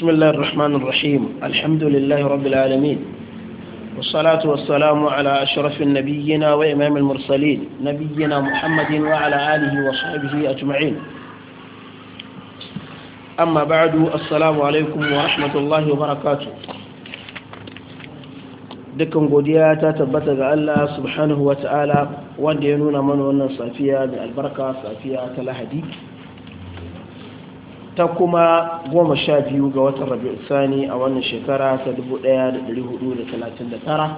بسم الله الرحمن الرحيم الحمد لله رب العالمين والصلاة والسلام على أشرف النبيين وإمام المرسلين نبينا محمد وعلى آله وصحبه أجمعين أما بعد السلام عليكم ورحمة الله وبركاته دكم godiya تتبت tabbata ga Allah subhanahu wa ta'ala wanda ya nuna mana wannan safiya ta kuma goma sha biyu ga watan rabi'u sani a wannan shekara ta 1439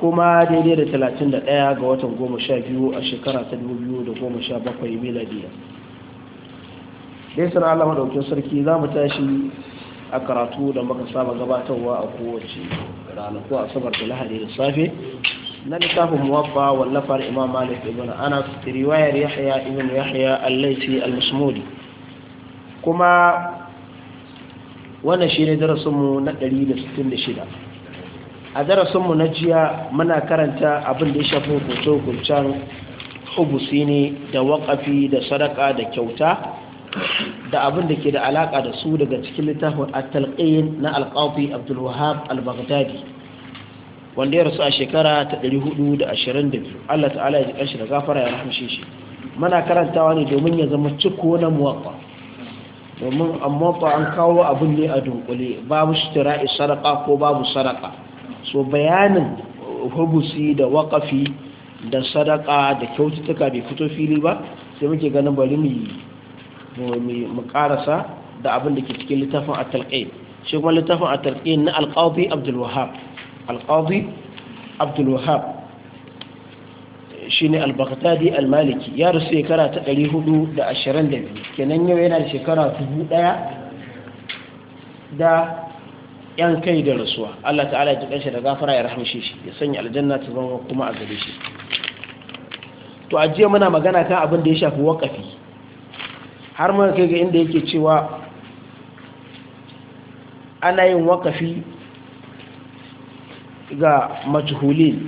kuma daidai da 31 ga watan goma sha biyu a shekara ta 2017 miladiya dai sana Allah madaukin sarki za mu tashi a karatu da muka saba gabatarwa a kowace ranaku a sabar da lahadi da safe na littafin muwabba wallafar imam malik ibn anas riwayar yahya ibn yahya al-laisi al-musmudi kuma wannan shi ne darasinmu na 166 a darasinmu na jiya muna karanta abin da ya shafi hukunce hukuncin hubusi ne da wakafi da sadaka da kyauta da abin da ke da alaka da su daga cikin littafin at na al Abdulwahab al-Baghdadi wanda ya rasu a shekara ta 422 Allah ta'ala ya ji kashi da gafara ya rahmshe shi muna karantawa ne domin ya zama cikko na muwaƙa. domin amma ba an kawo abin ne a dunkule babu shitira'i sadaka ko babu sadaka so bayanin hubusi da wakafi da sadaka da kyaututtuka bai fito fili ba sai muke ganin bari mu karasa da abin da ke cikin littafin a talƙai shi kuma littafin a talƙai na alƙawbi abdulwahab shine al-baghdadi al-maliki ya rasu shekara ta 422 kenan yau yana da shekara 1000 da yan kai da rasuwa Allah ta'ala ya ji shi da gafara ya rahamshe shi ya sanya aljanna ta zama kuma a gare shi to a jiya muna magana kan abin da ya shafi wakafi har mun kai ga inda yake cewa ana yin wakafi ga majhulin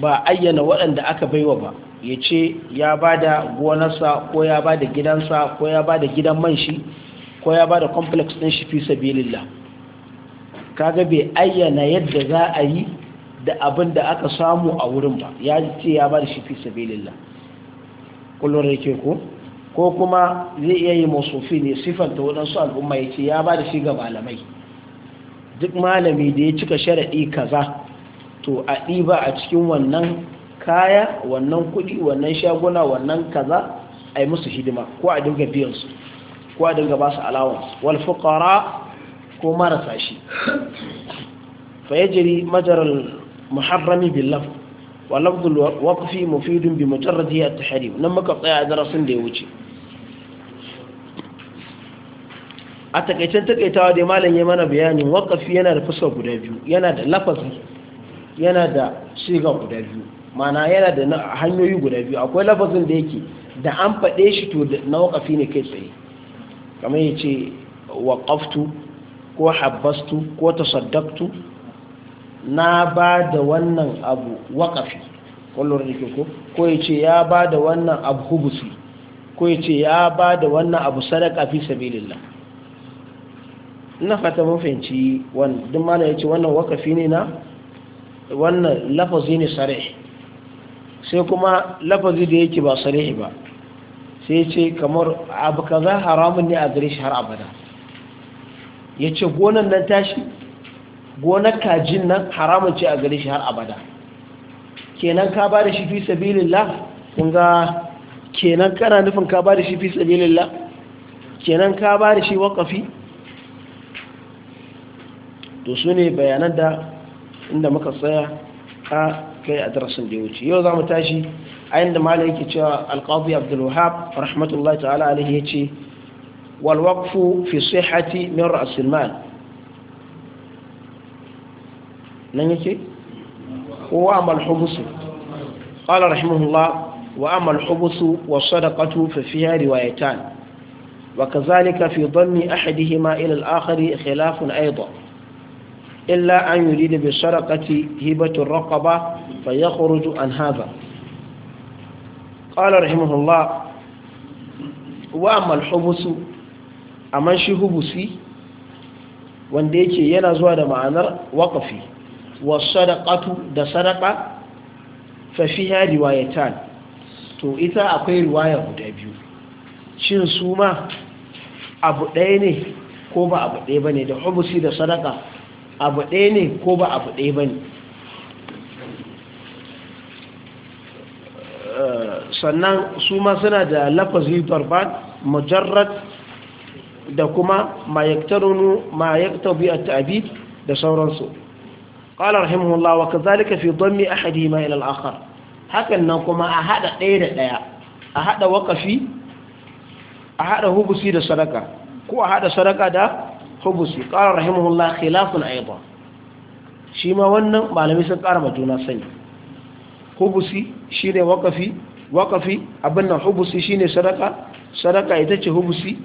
ba ayyana waɗanda aka baiwa ba ya ce ya ba da gonarsa ko ya ba da gidansa ko ya ba da gidan man shi ko ya ba da complex ɗin shi fi sabilillah kaga bai ayyana yadda za a yi da abin da aka samu a wurin ba ya ce ya ba da shi fi sabilillah kullum da ke ko ko kuma zai iya yi masofi ne siffanta waɗansu al'umma ya ce ya ba da shi ga malamai duk malami da ya cika sharaɗi kaza to a ɗiba a cikin wannan kaya wannan kuɗi wannan shaguna wannan kaza a yi musu hidima ko a dinga biyansu ko a dinga ba su allowance wal ko marasa shi fa yajri majaral muharrami bil lafz wa bi mujarradi a tahrim nan muka tsaya a darasin da ya wuce a takaicen takaitawa da malam ya mana bayanin wakafi yana da fuskar guda biyu yana da lafazi yana da shiga guda biyu mana yana da hanyoyi guda biyu akwai lafazin da yake da an faɗe shi to na waƙafi ne kai tsaye kamar ya ce waƙaftu ko habbastu ko tasaddaktu na ba da wannan abu waƙafi kwallon rike ko ko ya ce ya ba da wannan abu hubusi ko ya ce ya ba da wannan abu sadaka fi sabilillah ina fata fahimci wannan duk mana ya ce wannan waƙafi ne na wannan lafazi ne sarih sai kuma lafazi da yake ba sarih ba sai ce kamar abu kaza haramun ne a gare shi har abada ya ce gonan nan tashi gonar kajin nan haramun ce a gare shi har abada kenan ka ba da shi fi sabilillah kun ga kenan kana nufin ka ba da shi fi sabilillah kenan ka ba da shi wakafi? to su ne bayanan da inda muka tsaya a kai a darasin da ya wuce yau za mu tashi a inda mala yake cewa alƙadu abdul wahab rahmatullahi ta'ala alaihi ya ce walwakfu fi sihati min ra'asil mal nan yake wa amal hubusu qala rahimahullah wa amal hubusu wa sadaqatu fa fiha riwayatan وكذلك في ضم أحدهما إلى الآخر خلاف أيضا إلا أن يريد بالسرقة هبة الرقبة فيخرج عن هذا قال رحمه الله وأما الحبس أما shi حبسي wanda yake yana zuwa da ma'anar waƙafi wa sadaƙatu da sadaƙa fafiya riwayatan to ita akwai riwaya guda biyu shin su ma abu ɗaya ne ko ba abu ɗaya ba ne da hubusi da sadaka abu ɗaya ne ko ba abu ɗaya ba ne sannan su ma suna da lafazi darban mujarrad da kuma ma yaktarunu ma yaktabi at-ta'bid da sauransu qala rahimahullah wa kadhalika fi a haɗi ma ilal akar hakan nan kuma a haɗa ɗaya da ɗaya a haɗa wakafi a haɗa hubusi da sadaka ko a haɗa sadaka da hubusi ƙara rahimahullah khilafun aiba shi ma wannan malamai sun ƙara ma juna sani hubusi shi ne wakafi wakafi abin nan hubusi shi ne sadaka sadaka ita ce hubusi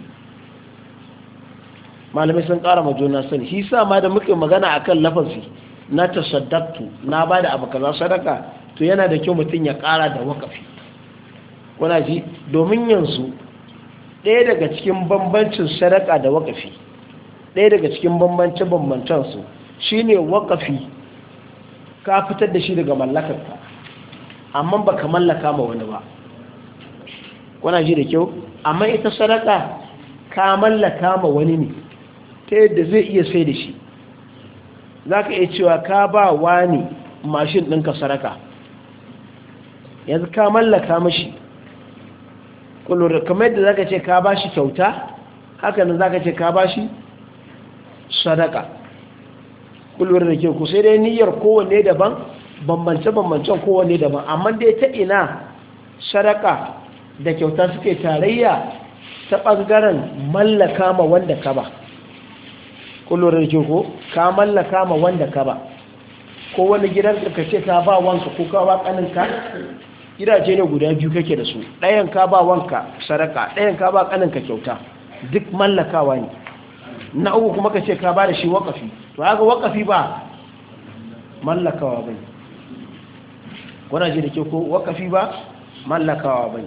malamai sun ƙara ma juna sani shi sa ma da muke magana akan lafazi na tasaddaqtu na bada abu kaza sadaka to yana da kyau mutum ya kara da wakafi kuna ji domin yanzu ɗaya daga cikin bambancin sadaka da wakafi ɗaya daga cikin bambance-bambancen su shine wakafi ka fitar da shi daga mallakarka amma ba ka mallaka ma wani ba kuna ji da kyau amma ita sadaka ka mallaka ma wani ne ta yadda zai iya sai da shi za ka iya cewa ka ba wani mashin ɗinka sadaka yanzu ka mallaka mashi kullum kamar yadda za ka ce ka ba shi kyauta haka nan za ka ce ka ba shi sadaka kullum da ke ku sai dai niyyar kowanne daban bambance-bambancen kowanne daban amma dai ta ina sadaka da kyauta suke tarayya ta ɓangaren mallaka ma wanda ka ba kullum da ke ku ka mallaka ma wanda ka ba ko wani gidan ka ce ka ba wanka ko ka ba kaninka gidaje ne guda biyu kake da su ɗayan ka ba wanka sadaka ɗayan ka ba ƙaninka kyauta duk mallakawa ne na uku kuma ka ce ka ba da shi wakafi to haka wakafi ba mallakawa bai ji da ke ko wakafi ba mallakawa bai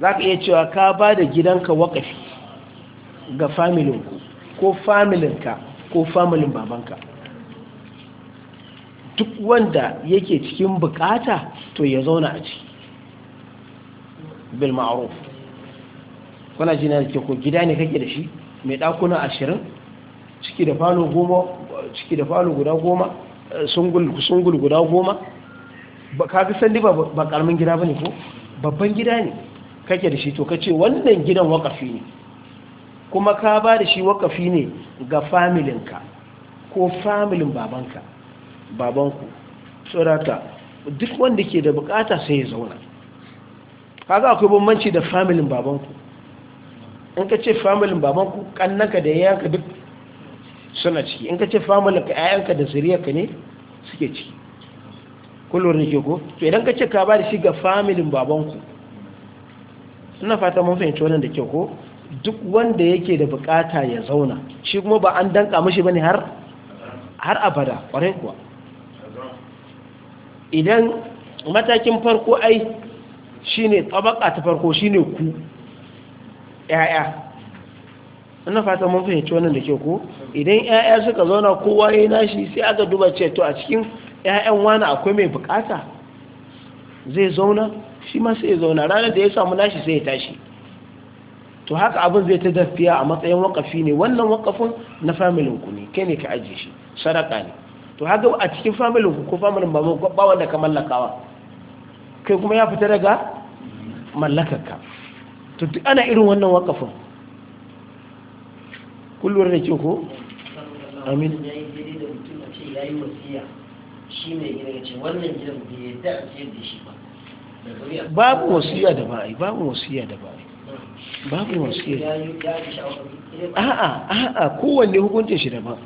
za ka iya cewa ka ba da gidanka wakafi ga familinku ko familinka ko familin babanka duk wanda yake cikin bukata to ya zauna a ci bil ma'aruf kuna na da ke ko gida ne kake da shi mai ɗakuna ashirin ciki da falo guda goma eh, sungul guda goma ka fi sandi ba ƙarmin gida ba ne ko babban gida ne kake da shi to ka ce wannan gidan wakafi ne kuma ka ba da shi wakafi ne ga familinka ko familin babanka babanku tsoraka duk wanda ke da bukata sai ya zauna Ka kaga akwai bambanci da familin babanku in ka ce familin ku, kannanka da yayanka duk suna ciki in ka ce familin ka yayanka da zuriyarka ne suke ciki kullum ne ke ko to idan ka ce ka ba da shi ga familin ku ina fata mun fahimci wannan da ke ko duk wanda yake da bukata ya zauna shi kuma ba an danka mishi bane har har abada kwarai kuwa idan matakin farko ai shine tabaka ta farko shine ku yaya ina fata mun fahimci wannan da ke ku idan yaya suka zauna kowa ya nashi sai aka duba ce to a cikin ƴaƴan wani akwai mai bukata zai zauna shi ma sai ya zauna ranar da ya samu nashi sai ya tashi to haka abin zai ta dafiya a matsayin wakafi ne wannan wakafin na familin ku ne kai ne ka ajiye shi sadaka ne to haka a cikin familin ku ko familin ba ba wanda ka mallakawa kai kuma ya fita daga mallakar ka. to duk ana irin wannan wakafin kullum ne ke ko amin babu wasiya da ba'ai babu wasiya da ba'ai babu wasiya a'a a'a kowanne hukuncin shi da ba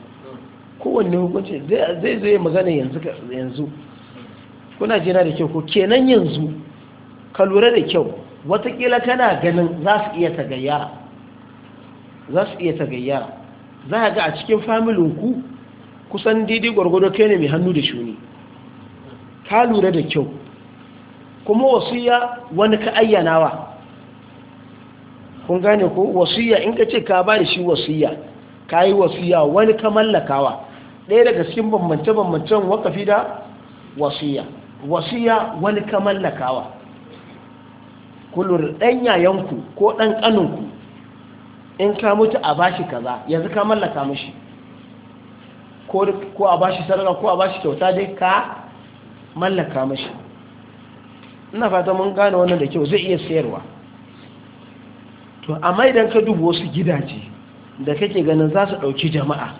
kowanne hukuncin zai zai magana yanzu yanzu kuna jina da kyau ko kenan yanzu ka lura da kyau watakila tana ganin za su iya tagayyara za su iya tagayyara za a ga a cikin familinku kusan daidai gwargwado kai ne mai hannu da shuni ka lura da kyau kuma wasiya wani ka ayyanawa kun gane ko wasiya in ka ce ka ba da shi wasiya ka yi wasiya wani ka mallakawa ɗaya daga cikin bambance-bambancen wakafi da wasiya wasiya wani ka mallakawa kulur ɗan yayanku ko ɗan ƙaninku in ka mutu a bashi kaza yanzu ka mallaka mashi ko a bashi sarara ko a bashi kyauta dai ka mallaka mashi ina fata mun gane wannan da kyau zai iya sayarwa to amma idan ka duba wasu gidaje da kake ganin za su ɗauki jama'a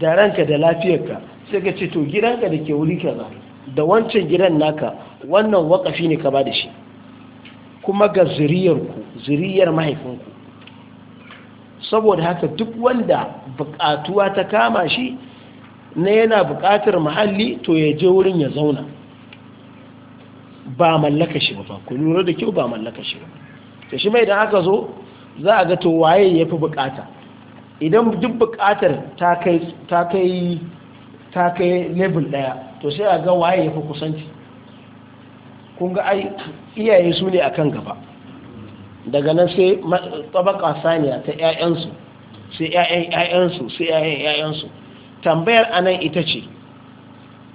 da ranka da lafiyarka sai ka ce to gidanka da ke wuri kaza da wancan gidan naka wannan wakafi ne ka ba da shi kuma ga zuriyarku ziriyar mahaifinku saboda haka duk wanda bukatuwa ta kama shi na yana bukatar mahalli to ya je wurin ya zauna ba mallaka shi ba ku lura da kyau ba mallaka shi ba ta shi mai da aka zo za a ga to waye ya fi buƙata idan duk bukatar ta kai level ɗaya to sai a ga waye ya fi kusanci kun ga ai iyaye su ne akan gaba daga nan sai tabaka saniya ta ƴaƴansu sai ƴaƴan ƴaƴansu sai ƴaƴan ƴaƴansu tambayar anan ita ce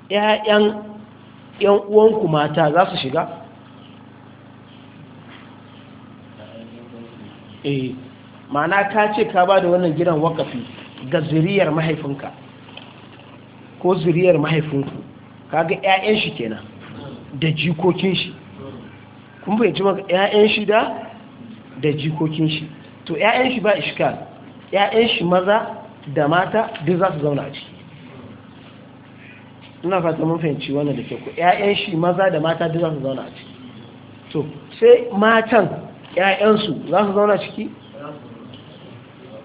ƴaƴan ƴan uwanku mata za su shiga eh mana ka ce ka ba da wannan gidan wakafi ga zuriyar mahaifinka ko ziriyar mahaifinku kaga ƴaƴan shi kenan da jikokin shi kun ji maka ƴaƴan shi da da jikokin shi to ƴaƴan shi ba iskal ƴaƴan shi maza da mata duk za su zauna a ciki ina fata mun fahimci wannan da ke ku ƴaƴan shi maza da mata duk za su zauna a ciki to sai matan ƴaƴansu za su zauna ciki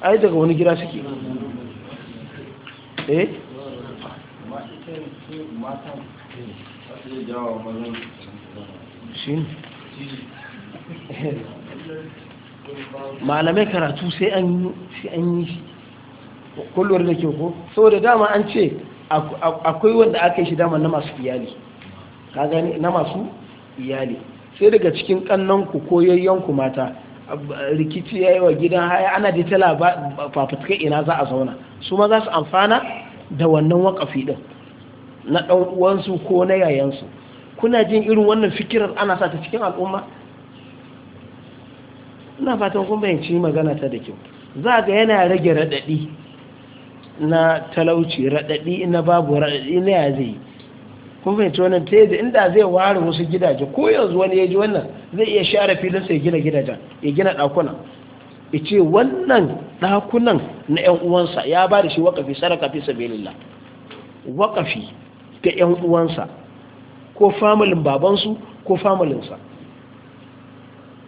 ai daga wani gida suke eh matan malamai karatu sai an yi shi kullum da ke ko saboda dama an ce akwai wanda aka yi shi dama na masu iyali ka gani na masu iyali sai daga cikin kannanku ko yayyanku mata rikici ya yi wa gidan haya ana da tala fafutuka ina za a zauna su ma za su amfana da wannan wakafi ɗin. na ɗan ko na yayansu kuna jin irin wannan fikirar ana sa ta cikin al'umma ina fatan kun bayanci magana ta da kyau za ga yana rage raɗaɗi na talauci raɗaɗi na babu raɗaɗi na ya zai kuma fahimci wannan ta da inda zai ware wasu gidaje ko yanzu wani ya ji wannan zai iya share filin sai gina gidajen ya gina ɗakuna ya ce wannan ɗakunan na 'yan uwansa ya ba da shi waƙafi sadaka fi sabilillah waƙafi da 'yan uwansa ko familin babansu ko familinsa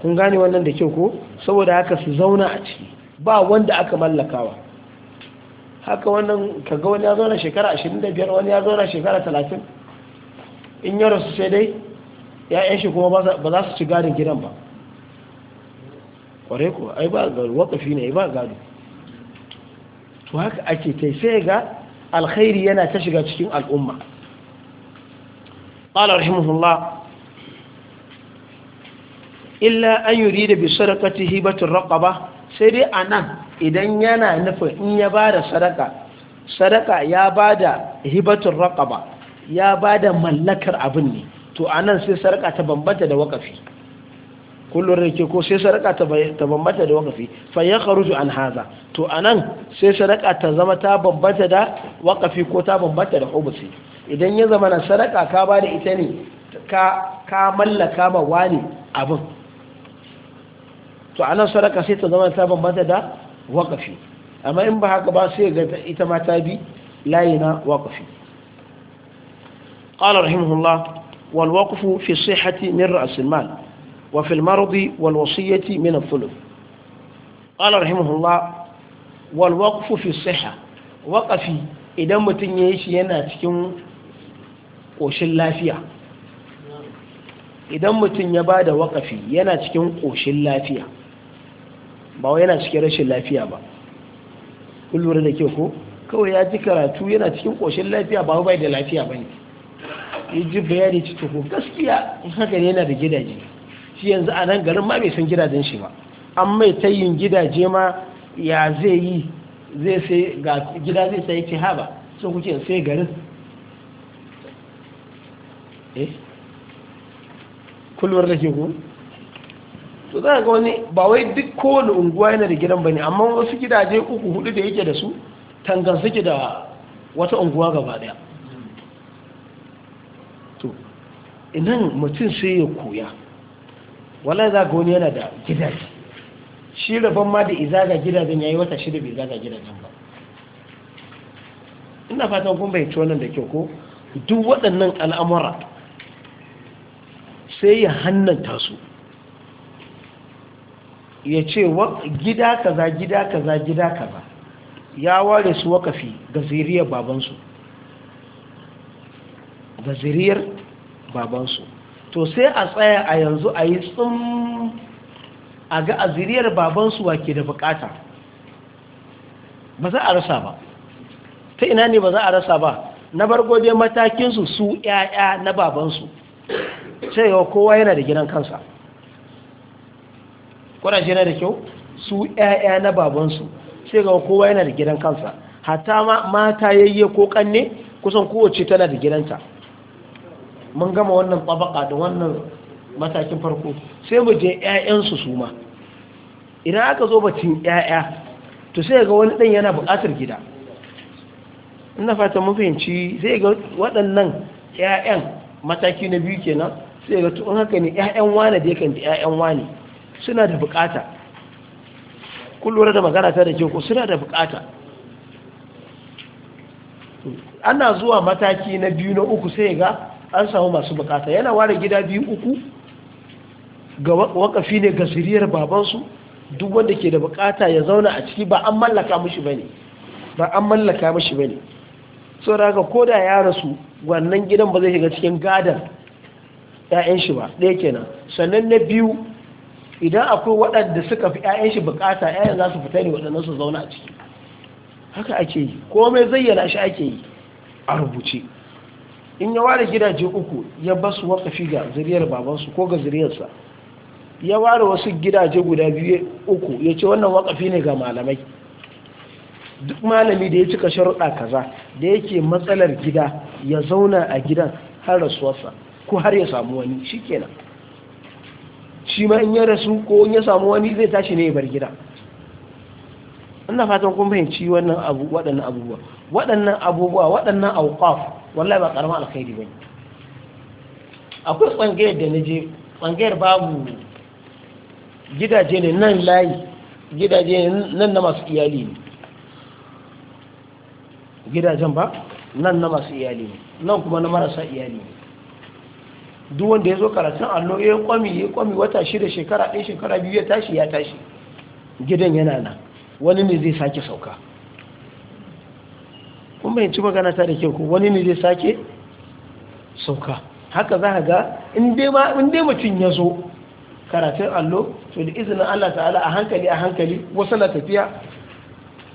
kun gane wannan da kyau ko saboda haka su zauna a ciki ba wanda aka mallakawa haka wannan kaga wani ya zauna shekara 25 wani ya zauna shekara 30 in ya rasu sai dai ya'yan shi kuma ba za su ci gadin gidan ba kware ko ai ba gado wakafi ne ba gado to haka ake kai sai ga alkhairi yana ta shiga cikin al'umma قال رحمه الله إلا أن يريد بسرقة هبة الرقبة سيدي أنا إذن ينا نفع إن يبار سرقة سرقة يبار هبة الرقبة يبار ملكر أبني تو أنا سي سرقة تبنبت دا وقفي kullum da ke ko sai sadaka ta bambanta da wakafi fa ya kharuju an haza to anan sai sadaka ta zama ta bambanta da wakafi ko ta bambanta da hubusi idan ya zama na sadaka ka ba da ita ne ka ka mallaka ma wani abin to anan sadaka sai ta zama ta bambanta da wakafi amma in ba haka ba sai ga ita ma ta bi layi na wakafi قال رحمه الله والوقف في الصحة من رأس المال وفي المرض والوصية من الثلث قال رحمه الله والوقف في الصحة وقفي idan mutum ya yi shi yana cikin ƙoshin lafiya idan mutum ya ba da waƙafi yana cikin ƙoshin lafiya ba wa yana cikin rashin lafiya ba kullum da ke ko kawai ya ji karatu yana cikin ƙoshin lafiya ba bai da lafiya ba ne ya ji bayani cikin gaskiya in haka ne yana da gidaje shi yanzu a nan garin ma bai san gidajen shi ba an mai ta yin gidaje ma ya zai yi zai sai ga gida zai sai ce haba sun kuke sai garin eh kullum da ke ku to za ga wani ba wai duk kowane unguwa yana da gidan bane amma wasu gidaje uku hudu da yake da su tangan suke da wata unguwa gaba daya to idan mutum sai ya koya wallahi za goni yana da gidaje shi rabon ma da izaga gidajen ya yi wata shida bai zaga gidajen ba ina fatan kun bai ci wannan da kyau ko duk waɗannan al'amura sai ya hannanta su ya ce gida kaza gida kaza gida kaza ya ware su wakafi ga ziriyar babansu ga ziriyar babansu to sai a tsaya a yanzu a yi tsun a ga a ziriyar babansu wake da bukata ba za a rasa ba ta ina ne ba za a rasa ba na bargo matakinsu su ‘ya'ya na babansu sai yau kowa yana da gidan kansa ƙwararci yana da kyau su ‘ya'ya na babansu sai ga kowa yana da gidan kansa Hata ma, mata yayye ko ƙanne kusan kowace tana da gidanta mun gama wannan tabaka da wannan matakin farko sai mu je 'ya'yansu su ma idan aka zo bacin 'ya'ya? to sai ga wani dan yana buƙatar gida ina fata mun fahimci sai ga waɗannan 'ya'yan mataki na biyu kenan sai ga tun haka ne ƴaƴan wane da yakan da ƴaƴan wane suna da buƙata kun da magana ta da ke ku suna da buƙata ana zuwa mataki na biyu na uku sai ga an samu masu bukata yana ware gida biyu uku ga wakafi ne ga siriyar babansu duk wanda ke da bukata ya zauna a ciki ba an mallaka mishi bane ba an mallaka ba bane so daga koda ya rasu wannan gidan ba zai shiga cikin gadan ƴaƴan shi ba ɗaya kenan sannan na biyu idan akwai waɗanda suka fi ƴaƴan shi bukata ƴaƴan za su fita ne waɗannan su zauna a ciki haka ake yi komai zayyana shi ake yi a rubuce in ya ware gidaje uku ya ba basu wakafi ga zuriyar babansu ko ga zuriyarsa ya ware wasu gidaje guda biyu uku ya ce wannan wakafi ne ga malamai duk malami da ya cika sharuɗa kaza da yake matsalar gida ya zauna a gidan har rasuwarsa ko har ya samu wani shi kenan shi ma in ya rasu ko in ya samu wani zai tashi ne ya bar gida ina fatan kun fahimci wannan abu waɗannan abubuwa waɗannan abubuwa waɗannan auqaf wallahi ba karamin alkhairi bane akwai tsangayar da je tsangayar babu gidaje ne nan layi gidaje ne nan na masu iyali ne gidajen ba nan na masu iyali ne nan kuma na marasa iyali ne duk wanda ya zo karatun allo ya kwami ya kwami wata shida shekara ɗaya shekara biyu ya tashi ya tashi gidan yana nan wani ne zai sake sauka bayanci magana ta da ke ku wani ne zai sake sauka haka za a ga in dai mutum ya zo karatun allo to da izinin Allah ta'ala a hankali a hankali wasu na tafiya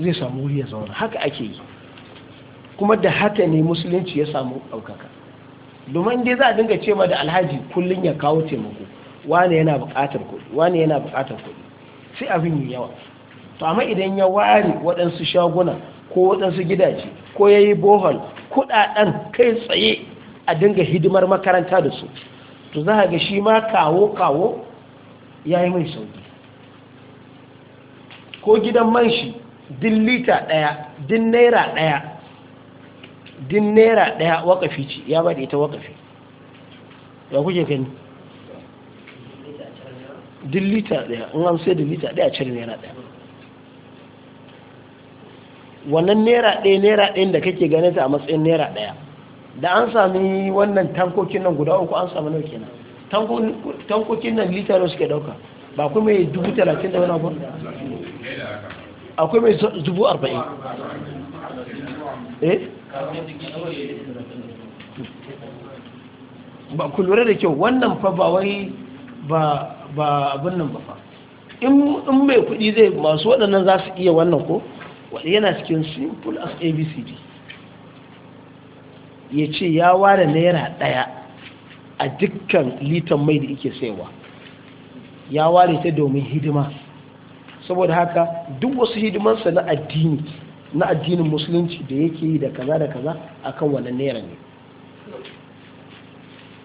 zai samu wuri ya zauna haka ake yi kuma da haka ne musulunci ya samu ɗaukaka domin dai za a dinga ce ma da alhaji kullum ya kawo taimako wane yana buƙatar kuɗi wane yana buƙatar kuɗi sai abin yawa to amma idan ya ware waɗansu shaguna ko waɗansu gidaje ko ya yi bohol kuɗaɗen kai tsaye a dinga hidimar makaranta da su to za a ga shi ma kawo-kawo ya yi mai sauki ko gidan man shi din lita ɗaya din naira ɗaya din naira ɗaya wakafi ce ya da ita wakafi ya kuke gani din lita ɗaya in an sai din lita ɗaya cire naira ɗaya wannan naira ɗaya naira ɗayan da kake ganin ta a matsayin naira ɗaya da an sami wannan tankokin nan guda uku an sami nau kenan tankokin nan litar suke ɗauka ba akwai mai dubu talatin da wani abu akwai mai dubu arba'in eh? ba ku lura da kyau wannan fa ba wai ba abin nan ba fa in mai kuɗi zai masu waɗannan za su iya wannan ko wani yana cikin simple as abcd ya ce ya ware naira ɗaya a dukkan litan mai da ike saiwa ya ware ta domin hidima saboda haka duk wasu hidimansa na addini na addinin musulunci da yake yi da kaza da kaza akan wannan naira ne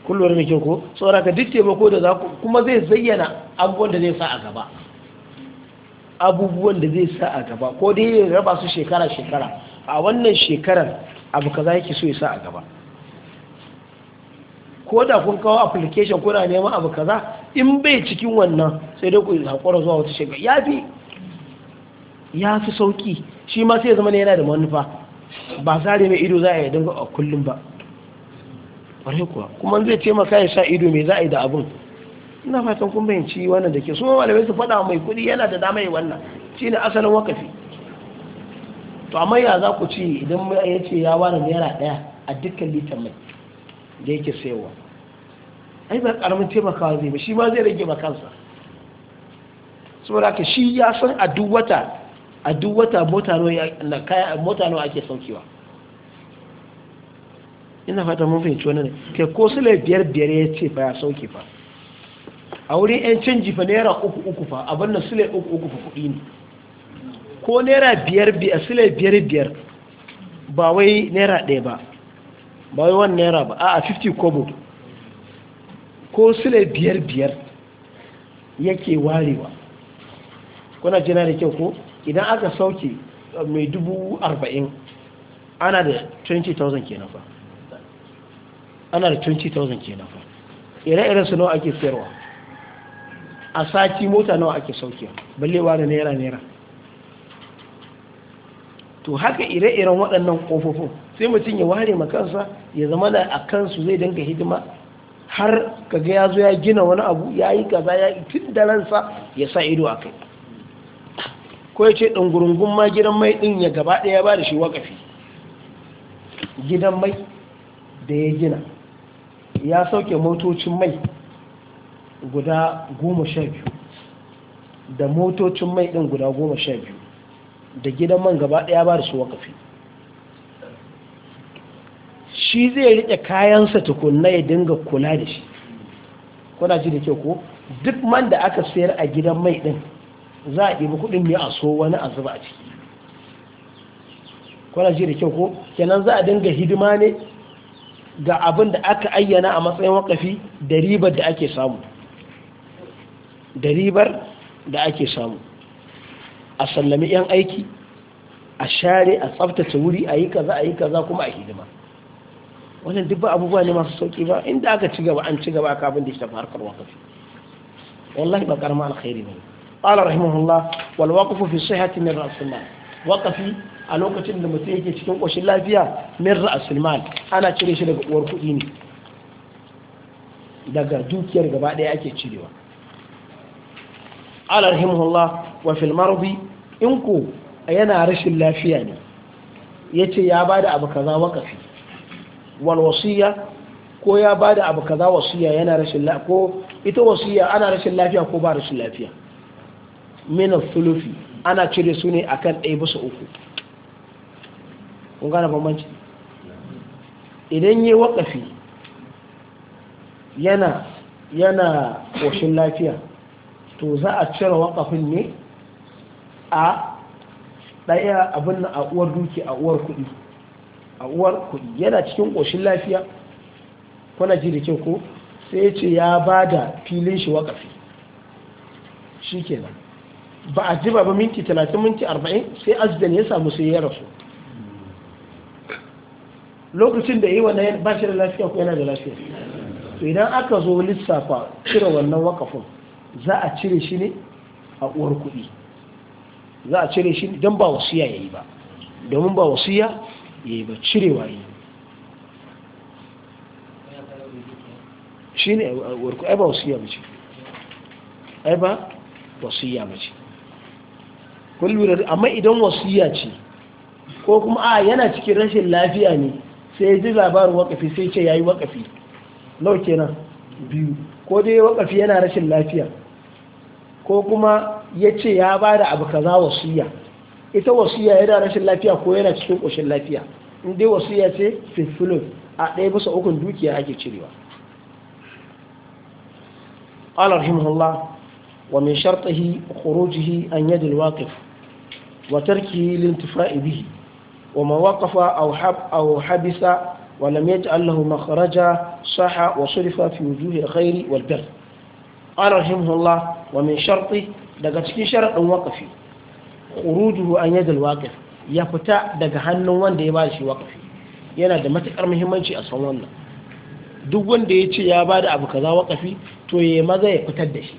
kullum da ke ko tsoraka duk taimako da za kuma zai zayyana abubuwan da zai sa a gaba abubuwan da zai sa a gaba ko dai ya raba su shekara-shekara a wannan shekarar abu kaza yake so ya sa a gaba ko da kun kawo application kuna neman abu kaza in bai cikin wannan sai dai ku haƙura zuwa wata shekara ya fi ya fi sauƙi shi ma sai zama ne yana da manufa ba za a mai ido za a yi dinga a kullum ba kuma zai taimaka ya sa ido mai za a yi da abin ina fatan kun bayanci wannan da ke so malamai su fada mai kuɗi yana da dama yi wannan shi ne asalin wakafi to amma ya za ku ci idan ya ce ya ware naira ɗaya a dukkan litan mai da yake sayowa ai ba karamin taimakawa zai ba shi ma zai rage ma kansa saboda ka shi ya san a duk wata a duk wata mota nawa ake saukewa ina fata mun fahimci wani ne ke ko su laifiyar biyar ya ce ba ya sauke ba. a wurin 'yan canji fa naira uku uku fa abin da sule uku uku fa kuɗi ne ko naira biyar biyar sule biyar biyar ba wai naira ɗaya ba ba wai wani naira ba a 50 kobo ko sule biyar biyar yake warewa kuna jina da kyau ko idan aka sauke eh, mai dubu arba'in ana da 20,000 kenan fa ana da 20,000 kenan fa ire-iren su nawa ake sayarwa a sati mota nawa ake saukiya balle wa da naira naira to haka ire-iren waɗannan ƙofofin sai mutum ya ware makansa ya zama da a kansu zai dinga hidima har kaga ya zo ya gina wani abu ya yi kaza ya yi tun da ransa ya sa ido a kai ko ya ce ɗungurungun ma gidan mai ɗin ya gaba ɗaya ba da shi waƙafi gidan mai da ya gina ya sauke motocin mai guda goma sha biyu da motocin mai ɗin guda goma sha biyu da gidan man gaba ɗaya ba da su wakafi shi zai riƙe kayansa tukunna ya dinga kula da shi kuna ji da ke ko duk man da aka sayar a gidan mai ɗin za a ɗibi kuɗin ne a so wani a zuba a ciki kuna ji da kyau ko kenan za a dinga hidima ne ga abin da aka ayyana a matsayin wakafi da ribar da ake samu da ribar da ake samu a sallami 'yan aiki a share a tsabtace wuri a yi kaza a yi kaza kuma a hidima wannan duk ba abubuwa ne masu sauki ba inda aka ci gaba an ci gaba kafin da shafa wakafi wallahi ba karama alkhairi ne qala rahimahullah wal waqfu fi sihhati min ra's al waqfi a lokacin da mutum yake cikin koshin lafiya min ra's al ana cire shi daga uwar kuɗi ne daga dukiyar gaba ɗaya ake cirewa ala rahimahullah wa fil marbi in ku yana rashin lafiya ne yace ya bada abu kaza wakafi wal wasiya ko ya bada abu kaza wasiya yana rashin lafiya ko ita wasiya ana rashin lafiya ko ba rashin lafiya min thuluthi ana cire su ne akan ɗaya bisa uku kun gane bambanci idan yi wakafi yana yana ƙoshin lafiya to za a cire wakafin ne a ɗaya abin na a uwar duki a uwar kuɗi a uwar kuɗi yana cikin ƙoshin lafiya kuna ji da kyau ko sai ya ce ya ba da filin shi wakafi shi kenan ba a ji ba minti 30 minti 40 sai azdan ya samu sai ya rasu lokacin da yi wannan ba shi da lafiya ko yana da lafiya to idan aka zo lissafa cire wannan wakafin za a cire shi ne a uwar kuɗi za a cire shi don ba wasiya ya yi ba domin ba wasiya ya yi ba cirewa yi shi ne a uwar kuɗi ai ba wasiya ba mace ai ba wasiya ba mace kullum amma idan wasiya ce ko kuma a yana cikin rashin lafiya ne sai ya ji labarin wakafi sai ce ya yi wakafi nau kenan biyu ko dai wakafi yana rashin lafiya ko kuma ya ce ya ba da abu kaza wasiya ita wasiya yana rashin lafiya ko yana cikin ƙoshin lafiya in dai wasiya ce fifilin a ɗaya bisa ukun dukiya ake cirewa قال wa mai shartahi شرطه an أن يد الواقف وتركه لانتفاء به وما وقف أو, حب أو حبس ولم يجعل له مخرجا صح وصرف في وجوه الخير والبر قال رحمه الله ومن شرطه daga cikin sharaɗin waƙafi khurujuhu an yadda waƙaf ya fita daga hannun wanda ya bada shi waƙafi yana da matuƙar muhimmanci a san wannan duk wanda ya ce ya bada abu kaza waƙafi to ya maza ya fitar da shi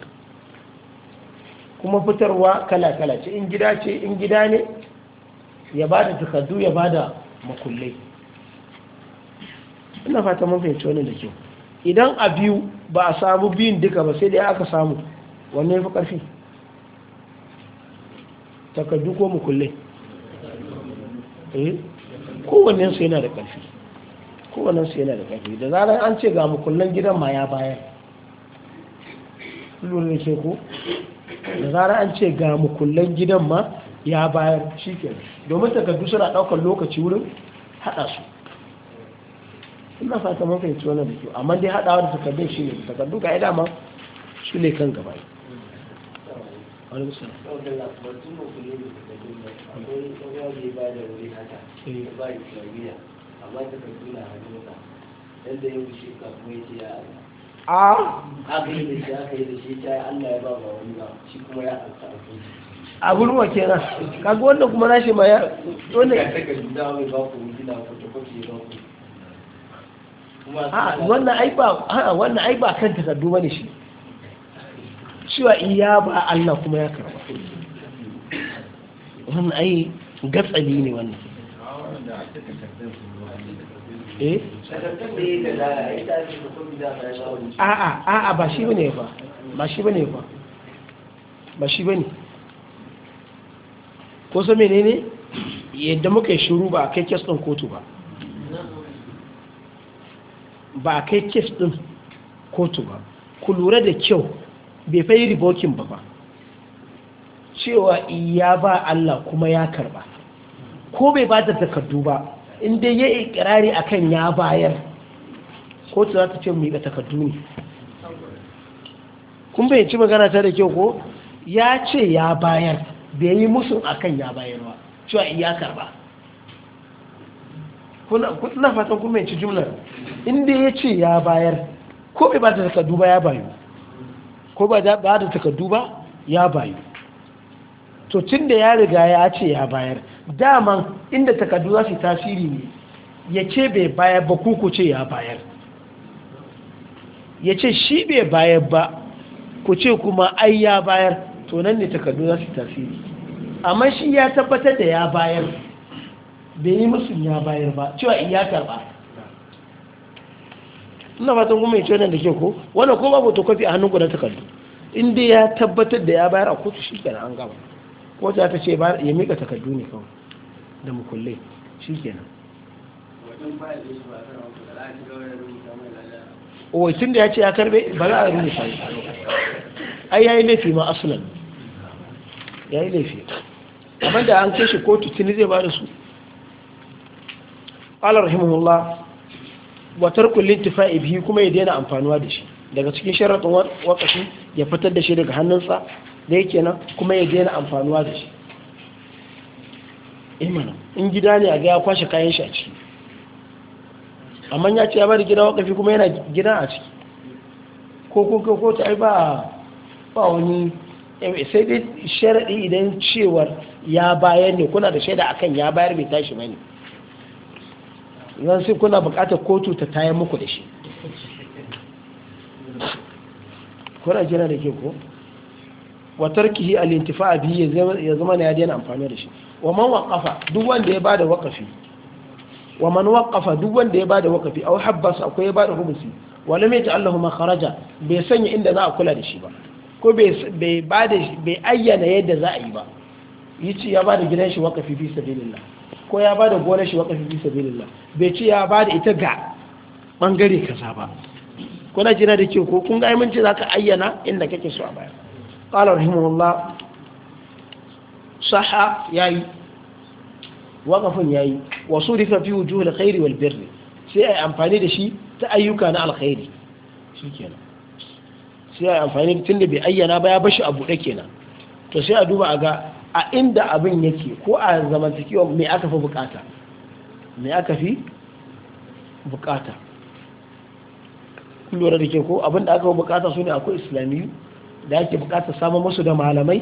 kuma fitarwa kala kala ce in gida ce in gida ne ya bada takardu ya bada makullai ina fata mun fahimci wannan da kyau idan a biyu ba a samu biyun duka ba sai dai aka samu wanne ya fi ƙarfi takardu ko mukulle eh wannan su yana da ƙarfi wannan su yana da ƙarfi da zarar an ce ga mukullen gidan ma ya bayar lura da ke ko da zarar an ce ga mukullen gidan ma ya bayar shi ke domin takardu suna ɗaukar lokaci wurin haɗa su ina fata mun fahimci wannan da kyau amma dai haɗawa da takardun shi ne takardu ga dama shi ne kan gaba a aka yi kaga wanda kuma na shi ma ya wanda ya take da ba ku gida ta kwafi wannan ai ba kan takardu bane shi cewa iya ba Allah kuma ya karba wannan ai gatsali ne wannan eh a'a ba shi bane ba ba shi bane ba ba shi bane ko so menene yadda muka yi shiru ba kai kes kotu ba ba kai kes ɗin kotu ba ku lura da kyau bai fayi ribokin ba ba cewa ya ba Allah kuma ya karba ko bai ba da takardu ba inda ya ikirari akan ya bayar kotu za ta ce mu ba takardu ne kun bai ci magana ta da kyau ko ya ce ya bayar bai yi musu akan ya bayar ba cewa ya karba kuna fatan kuma yanci jumlar inda ya ce ya bayar ko bai ba da takardu ba ya bayu ko ba da takardu ba ya bayu to tun da ya riga ya ce ya bayar daman inda takardu za su tasiri ne ya ce bai bayar ba ku ce ya bayar ya ce shi bai bayar ba ku ce kuma ai ya bayar to nan ne takardu za su tasiri amma shi ya tabbatar da ya bayar bai yi musu ya bayar ba cewa iya karba ina fatan kuma yace wannan da ke ko wanda ko babu ta kwafi a hannun ku na takardu inda ya tabbatar da ya bayar a kotu kenan an gama ko ta ta ce ba ya mika takardu ne kawai da mukulle shikenan o tun da ya ce ya karbe ba za a rubuta ai yayi laifi ma asulan yayi laifi abinda an kai shi kotu tuni zai ba da su ala rahimahullah wa tarku lintifa'i bihi kuma ya daina amfanuwa da shi daga cikin sharadin wakashi ya fitar da shi daga hannunsa da yake nan kuma ya daina amfanuwa da shi imana eh in gida ne a ga ya kwashe kayan shi a ciki amma ya ce ya bari gida wakafi kuma yana gida a ciki ko ko ko ko ai ba ba wani eh, sai dai sharadi idan cewar ya bayar ne kuna da shaida akan ya bayar mai tashi ne. nan sai kuna bukatar kotu ta tayar muku da shi kuna jira da ke ko watar kihi biyu ya zama na ya daina amfani da shi wa man waƙafa duk wanda ya bada waƙafi wa man waƙafa duk wanda ya bada waƙafi au habbas akwai ya bada hubusi wani mai ta'allahu makaraja bai sanya inda za a kula da shi ba ko bai ayyana yadda za a yi ba yi ci ya bada gidan shi waƙafi fi sabilillah ko ya bada gonar shi waƙafi fi sabilillah bai ce ya bada ita ga bangare kaza ba kuna jina da ke ko kun ga mun za ka ayyana inda kake so a baya qala rahimahullah saha waƙafin ya yi wasu surifa fi da khairi wal birri sai a yi amfani da shi ta ayyuka na alkhairi shikenan sai yi amfani tun da bai ayyana ba ya bashi abu dake kenan to sai a duba a ga a inda abin yake ko a zamantakewa mai aka fi bukata mai aka fi bukata kullura da ke ko abin da aka fi bukata su ne akwai islamiyu da ake bukata samun musu da malamai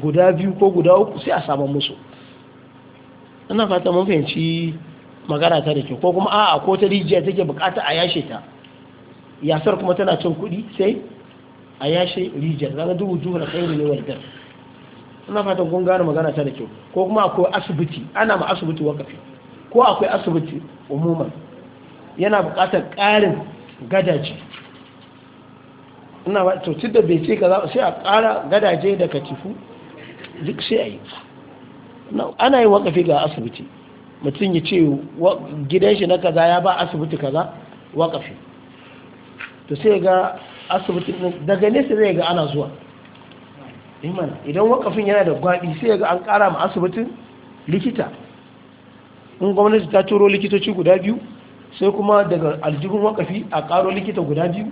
guda biyu ko guda uku sai a samun musu ina fata mun fahimci magana ta da ke ko kuma a'a ko ta rijiya take bukata a yashe ta yasar kuma tana cin kuɗi sai a yashe rijiyar zana dubu juhar khairu ne wadda ina fatan kun gane magana ta da kyau ko kuma akwai asibiti ana ma asibiti wakafi ko akwai asibiti umuma yana buƙatar ƙarin gadaje ina ba to da bai ce kaza sai a ƙara gadaje da katifu duk sai a yi ana yi wakafi ga asibiti mutum ya ce gidan shi na kaza ya ba asibiti kaza wakafi to sai ga asibiti daga nesa zai ga ana zuwa iman idan wakafin yana da gwaɗi sai ga an ƙara ma asibitin likita in gwamnati ta turo likitoci guda biyu sai kuma daga aljihun wakafi a karo likita guda biyu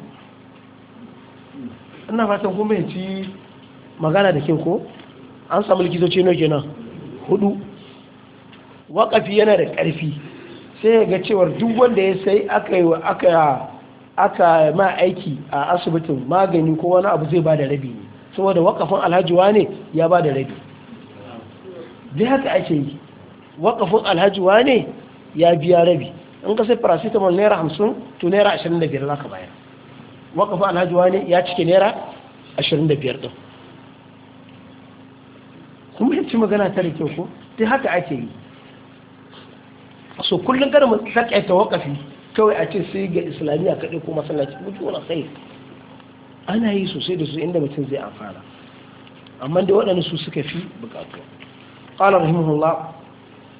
ina fatan kuma ya ci magana da kyau ko an samu likitoci nau kenan hudu wakafi yana da ƙarfi sai ga cewar duk wanda ya sai aka yi aka ma aiki a asibitin magani ko wani abu zai ba da rabi ne saboda wakafin alhaji wane ya ba da rabi dai haka ake yi wakafin alhaji wane ya biya rabi in ka sai paracetamol naira hamsin to naira ashirin da biyar za ka bayar wakafin alhaji wane ya cike naira ashirin da biyar ɗin kuma yanci magana ta da kyau ko dai haka ake yi so kullum kada mu sakaita wakafi kawai a ce sai ga islamiyya kaɗai ko masallaci mutu wani sai ana yi sosai da su inda mutum zai amfana amma da waɗanda su suka fi bukatu ƙalar rahimahullah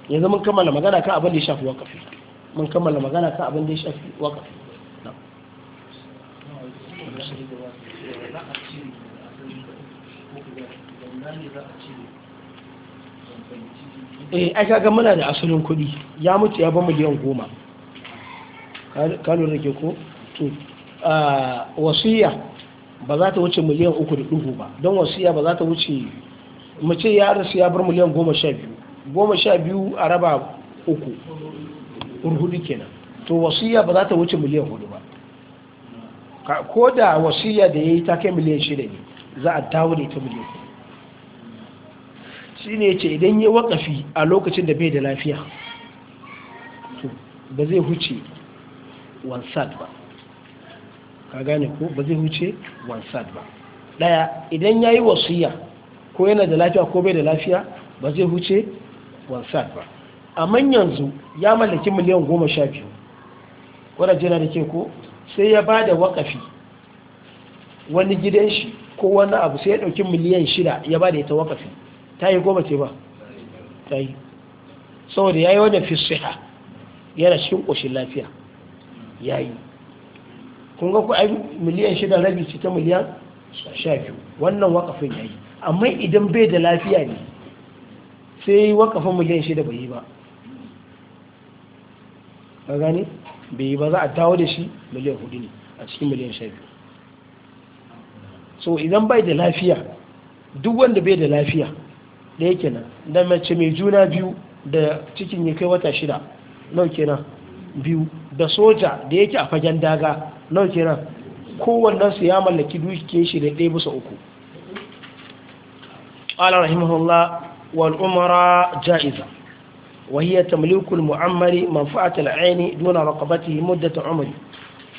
yanzu mun kammala magana kan abin da ya shafi wakafi mun kammala magana kan abin da ya shafi wakafi eh ai kaga muna da asalin kuɗi ya mutu ya ba miliyan goma ka lura ke ko to ah, wasiya ba za ta wuce miliyan uku da dubu ba don wasiya ba za ta wuce mace ya rasu ya bar miliyan goma sha biyu goma sha biyu a raba uku hudu kenan to wasiya ba za ta wuce miliyan hudu ba ko da wasiya da ya yi ta kai miliyan shida ne za a dawo da ita miliyan shi ne ce idan ya wakafi a lokacin da bai da lafiya ba zai huce wansat ba ka gane ko ba zai wuce wansad ba daya idan ya yi wasiya ko yana da lafiya ko bai da lafiya ba zai wuce wansad ba. ba amma yanzu ya mallaki miliyan goma sha biyu wadda na da ke ko sai ya ba da wakafi wani gidan shi ko wani abu sai ya ɗauki miliyan shida ya ba da ita wakafi ta yi goma ce ba ta yi saboda ya yi wadda fi siha yana cikin ƙoshin lafiya ya yi kun ga ku ai miliyan shida rabi ce ta miliyan sha biyu wannan wakafin ya yi amma idan bai da lafiya ne sai wakafin miliyan shida bai yi ba ka gani bai yi ba za a dawo da shi miliyan hudu ne a cikin miliyan sha biyu so idan bai da lafiya duk wanda bai da lafiya da yake nan da mace mai juna biyu da cikin ya kai wata shida nau kenan biyu da soja da yake a fagen daga nau kenan kowannen su ya mallaki dukiyar shi da ɗaya bisa uku qala rahimahullah wal umara ja'iza wa hiya tamliku al mu'ammari manfa'at al 'aini duna raqabatihi muddat 'umri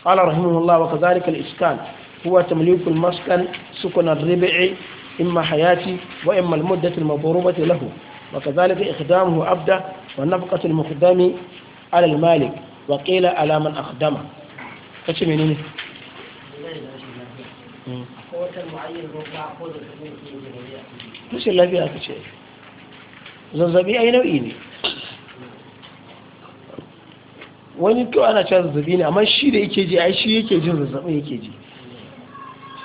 qala rahimahullah wa kadhalika al iskan huwa tamliku al maskan sukun al rib'i imma hayati wa imma al muddat al madrubati lahu wa إخدامه عبده والنفقة wa qila ala man akhdama kace menene rashin lafiya aka ce zazzabi ai nau'i ne wani kyau ana cewa zazzabi ne amma shi da yake ji ai shi yake jin zazzabin yake ji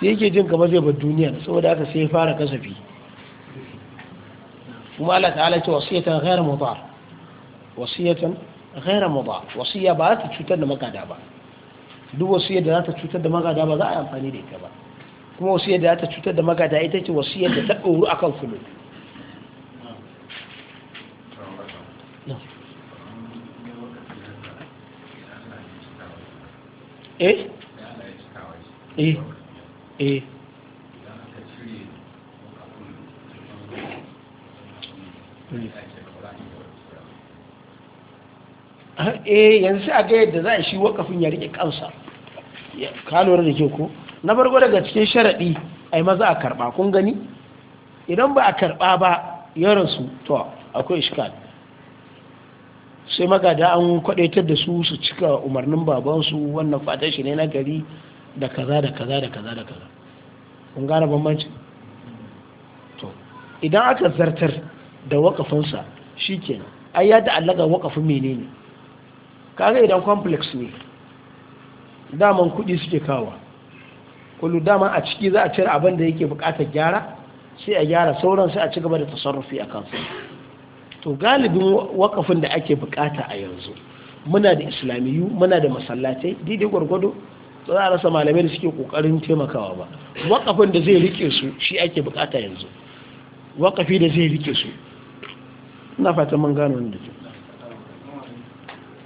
sai yake jin kamar zai bar duniya saboda haka sai ya fara kasafi kuma Allah ta'ala ce wasu wasiyatan ghayr mudar wasiyatan ghaira mudaf wasiya ba ta cutar da magada ba duk wasiyar da za ta cutar da magada ba za a yi amfani da ita ba kuma wasiyar da za ta cutar da magada ita ce wasiyar da ta dauru akan kullu eh eh eh eh yanzu sai a ga yadda za a shi wakafin ya rike kansa ka lura da ke ko na farko daga cikin sharaɗi a yi maza a karɓa kun gani idan ba a karɓa ba ya su to akwai iskal sai magada an kwadaitar da su su cika umarnin babansu wannan fatan shi ne na gari da kaza da kaza da kaza da kaza kun gane bambanci to idan aka zartar da wakafinsa shikenan ai ya ta'allaka wakafin menene kaga idan complex ne daman kuɗi suke kawa kullu dama a ciki za a cire abin da yake buƙatar gyara sai a gyara sauran sai a ci gaba da tasarrufi a kansu to galibin wakafin da ake bukata a yanzu muna da islamiyu muna da masallatai daidai gwargwado za a rasa malamai da suke kokarin taimakawa ba wakafin da zai rike su shi ake bukata yanzu wakafi da zai rike su ina fata mun gano wanda ke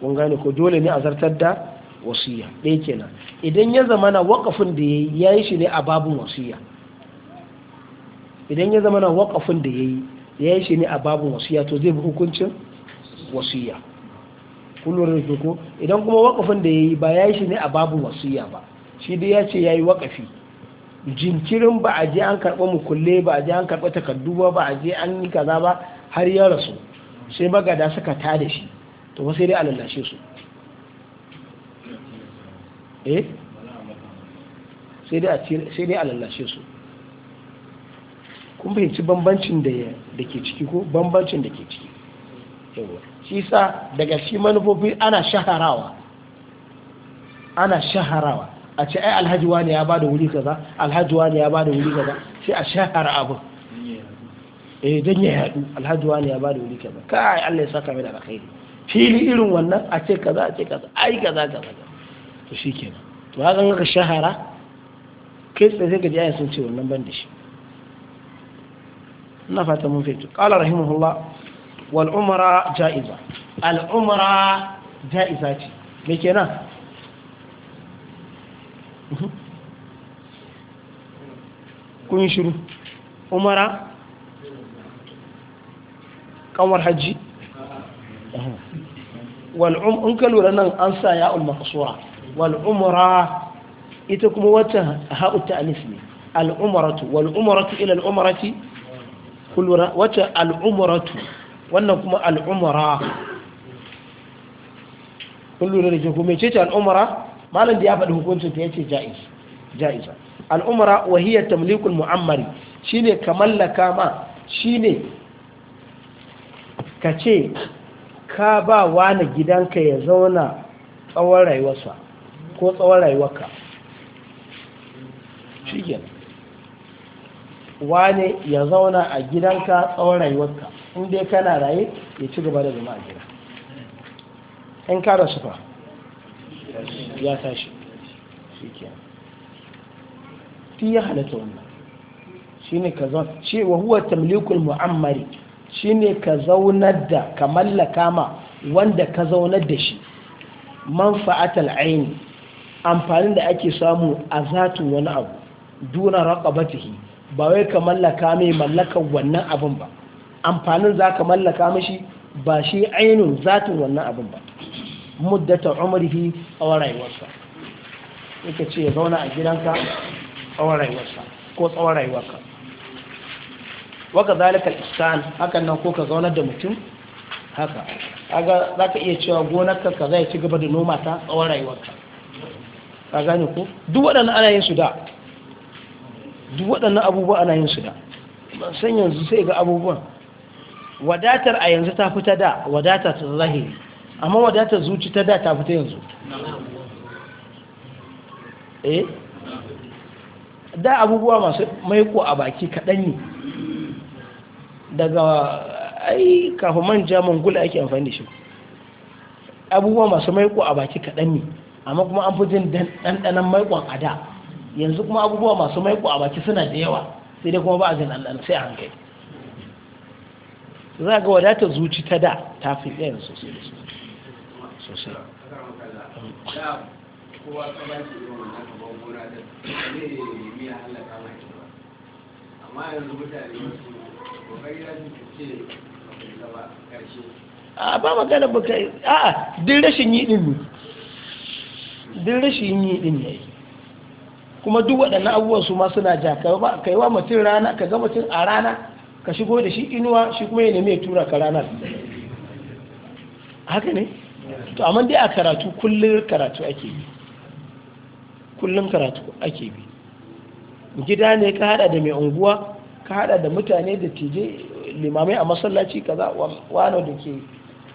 kun gane ko dole ne a zartar da wasiya ɗaya kenan idan ya zama na waƙafin da ya yi shi ne a babun wasiya idan ya zama na waƙafin da ya yi ya yi shi ne a babun wasiya to zai bi hukuncin wasiya kullum da ko idan kuma waƙafin da ya yi ba ya yi shi ne a babun wasiya ba shi dai ya ce ya yi waƙafi jinkirin ba a je an karɓa mukulle ba a je an karɓa takardu ba ba a je an yi kaza ba har ya rasu sai magada suka tada shi to sai dai a lallashe su eh sai dai a lallashe su kun fahimci bambancin da ke ciki ko bambancin da ke ciki yawa shi sa daga shi manufofi ana shaharawa ana shaharawa a ce ai alhaji wani ya bada wuri kaza alhaji wani ya bada wuri kaza sai a shahara abu eh dan ya yadu alhaji wani ya bada wuri kaza kai Allah ya saka mai da alkhairi fili irin wannan a ce kaza a ce kaza ai kaza kaza to shi kenan to haka an ka shahara kai tsaye sai ka ji ayyukan ce wannan ban da shi ina fata mun fito qala rahimahullah wal umra ja'iza al umra ja'iza ce me kenan mhm. kun shiru umara Kanwar hajji wal'um in ka lura nan an sa ya ulmakasura wal'umura ita kuma wata ha'uta alif ne al'umaratu wal'umaratu ila al'umarati kullura wata al'umaratu wannan kuma al'umara kullura da ke kuma ce ce al'umara malam da ya faɗi hukuncin ta yace ja'iz ja'iza al'umara wa hiya tamlikul mu'ammari shine ka mallaka ma shine ka ce ka ba wani gidanka ya zauna tsawon rayuwarsa ko tsawon rayuwarka shi Wani ya zauna a gidanka tsawon rayuwarka inda kana raye ya ci gaba da zama a gida in ka rasu fa ya tashi shi kenan fi ya halatta wannan shi ne ka zauna ce, wa huwa tamlikul mu'ammari shine ka zaunar da ka mallaka ma wanda ka zaunar da shi manfa'atal aini amfanin da ake samu a zatun wani abu duna raqabatihi ba wai ka mallaka mai mallakan wannan abin ba amfanin za ka mallaka mashi ba shi ainihin zatin wannan abin ba muddata umarihi a rayuwarsa yake ce ya zauna a gidanka a rayuwarsa ko tsawon rayuwarka waka zalika ihsan hakan nan ko ka zaunar da mutum haka aga ka iya cewa gonarka ka zai ci gaba da noma ta tsawon rayuwarka ka gane ko duk waɗannan ana yin su da duk waɗannan abubuwa ana yin su da ban san yanzu sai ga abubuwan wadatar a yanzu ta fita da wadata ta zahiri amma wadatar zuci ta da ta fita yanzu eh da abubuwa masu maiko a baki kaɗan ne daga ai kafin manja gula ake amfani da shi abubuwa masu maiko a baki kaɗan ne amma kuma an fi jin ɗanɗanan maikon a da yanzu kuma abubuwa masu maiko a baki suna da yawa sai dai kuma ba a jin ɗanɗan sai a hankali za ga wadatar zuci ta da ta fi ɗayan sosai da sosai amma yanzu mutane a ba magana ba yi a din rashin yi din ne din rashin yi din ne kuma duk waɗannan abubuwan su ma suna ja yi wa mutum rana ka ga mutum a rana ka shigo da shi inuwa shi kuma ya nemi ya tura ka rana haka ne to amma dai a karatu kullum karatu ake bi kullum karatu ake bi gida ne ka hada da mai unguwa ka hada da mutane da je limamai a masallaci kaza wano da ke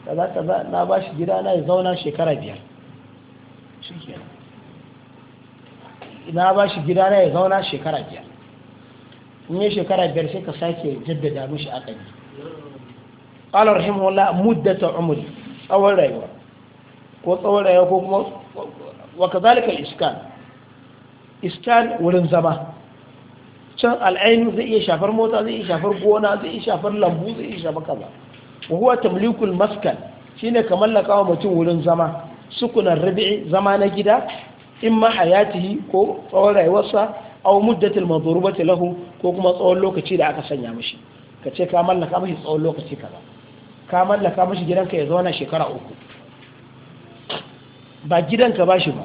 kaza kaza na ba shi gida na ya zauna shekara biyar na ba shi gida na ya zauna shekara biyar in yi shekara biyar sai ka sake jaddada mishi akali qala rahimahullah muddata umri tsawon rayuwa ko tsawon rayuwa ko kuma wa kadhalika iskan iskan wurin zama can al'ainu zai iya shafar mota zai iya shafar gona zai iya shafar lambu zai iya shafar kaza wa huwa tamlikul maskan shine ka mallaka wa mutum wurin zama sukunan rabi'i zama na gida in ma hayatihi ko tsawon rayuwarsa aw muddatil madrubati lahu ko kuma tsawon lokaci da aka sanya mishi ka ce ka mallaka mishi tsawon lokaci kaza ka mallaka mishi gidanka ya zauna shekara uku ba gidanka ba shi ba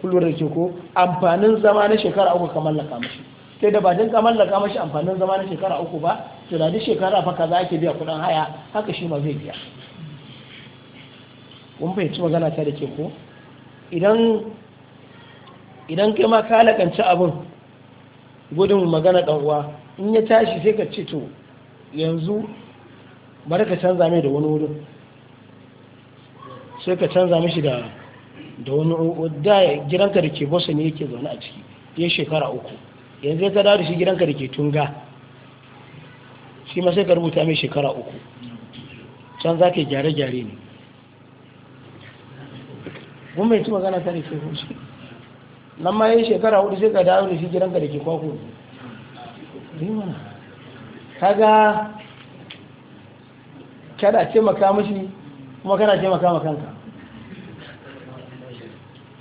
kullum da ke ko amfanin zama na shekara uku ka mallaka mashi sai da bajin ka mallaka mashi amfanin zama na shekara uku ba to da shekara fa kaza ake biya kudin haya haka shi ma zai biya kun fahimci magana ta da ke ko idan idan kai ma ka lakanci abin gudun magana dan uwa in ya tashi sai ka ce to yanzu bari ka canza mai da wani wurin sai ka canza mishi da da wani da gidanka da ke bosa ne yake zaune a ciki ya shekara uku yanzu ya tada da shi gidanka da ke tunga shi ma sai ka rubuta mai shekara uku can za ka gyare-gyare ne kuma mai ci magana tare da ke nan ma ya shekara hudu sai ka dawo da shi gidanka da ke kwakwo kaga kada taimaka mashi kuma kana taimaka ma kanka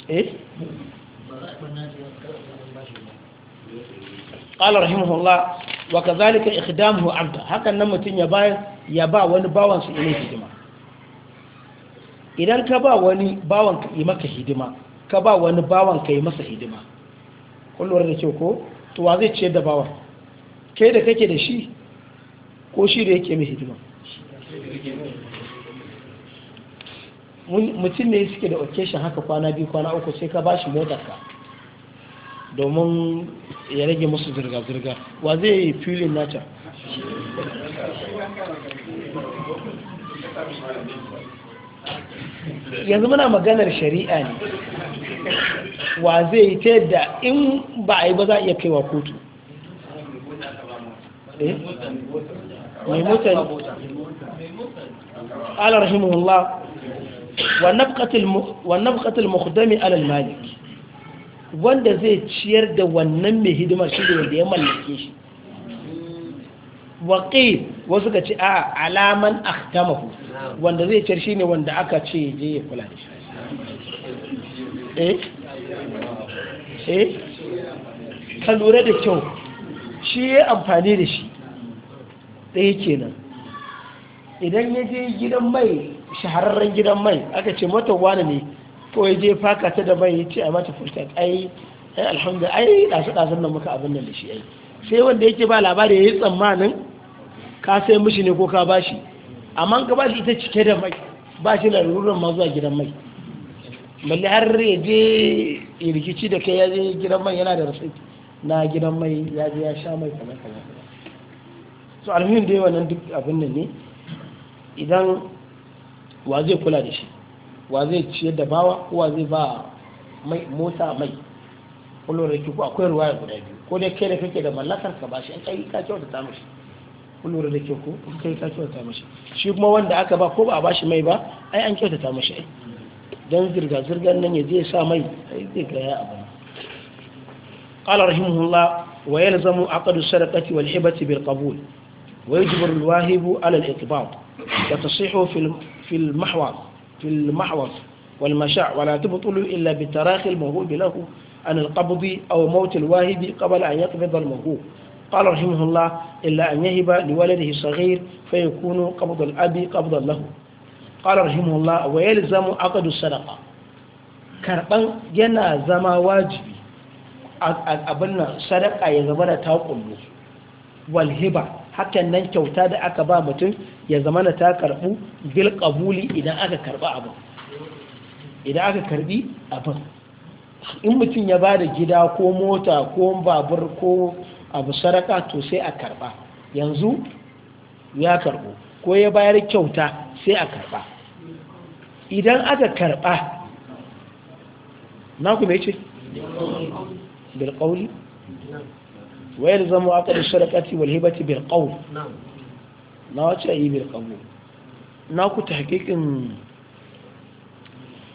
eh qala rahimahullah wa kadhalika ikhdamuhu abda hakan nan mutun ya bayar ya ba wani bawan su ilai hidima idan ka ba wani bawan ka yi maka hidima yi masa hidima kun lura da kyau to wa zai ciyar da bawan kai da kake da shi ko shi da yake ma hidima mutum ne suke da occasion haka kwana biyu kwana uku sai ka bashi motar ka domin ya rage musu zirga-zirga wa zai yi filin nata yanzu muna maganar shari'a ne wa zai yi ta yadda in ba a yi ba za a iya kaiwa kotu eh? mai mutan wa nafqatul mukhdami ala malik wanda zai ciyar da wannan mai hidimar shi da wanda ya mallake shi waƙi wasu ka ce a alaman akhtamahu wanda zai ciyar shi ne wanda aka ce je ya kula da shi eh eh ka lura da kyau shi ya amfani da shi ɗaya kenan idan ya je gidan mai shahararren gidan mai aka ce mata wani ne ko ya je faka ta da mai ya ce a mata fuskar ai ai alhamdu ai dasu ɗasun nan muka abin nan da shi ai sai wanda yake ba labari ya yi tsammanin ka sai mishi ne ko ka bashi amma ka bashi ita cike da mai ba shi da rurrun ma zuwa gidan mai balle har ya je ya rikici da kai ya je gidan mai yana da rasu na gidan mai ya je ya sha mai kamar kamar so alhamdu dai wannan duk abin nan ne idan wa zai kula da shi wa zai ciyar da bawa wa zai ba mai mota mai kullum da ko akwai ya guda biyu ko dai kai da kake da mallakar ka ba shi an kai ka kyauta ta mishi kullum da ko an kai ka kyauta ta mishi shi kuma wanda aka ba ko ba a ba shi mai ba ai an kyauta ta mishi ai dan zirga zirgan nan ya je sa mai ai zai ga ya abin قال رحمه الله ويلزم عقد السرقة والهبة بالقبول ويجبر الواهب على الإقباض وتصيح في في المحور في المحور والمشاع ولا تبطل إلا بتراخي الموهوب له عن القبض أو موت الواهب قبل أن يقبض الموهوب قال رحمه الله إلا أن يهب لولده الصغير فيكون قبض الأب قبضا له قال رحمه الله ويلزم عقد الصدقة كربان جنا زما واجب abin صدقة sadaka ya والهبة hakan nan kyauta da aka ba mutum ya zama na ta karɓu bil ƙabuli idan aka karɓi abu idan aka karɓi abu in mutum ya ba da gida ko mota ko babur ko abu saraka to sai a karɓa. yanzu ya karɓo. ko ya bayar kyauta sai a karɓa. idan aka karɓa. na ku mai ce ƙauli? wa yalzamu aqd ash-shirqati wal hibati bil qawl na wace yi bil qawl na ku tahqiqin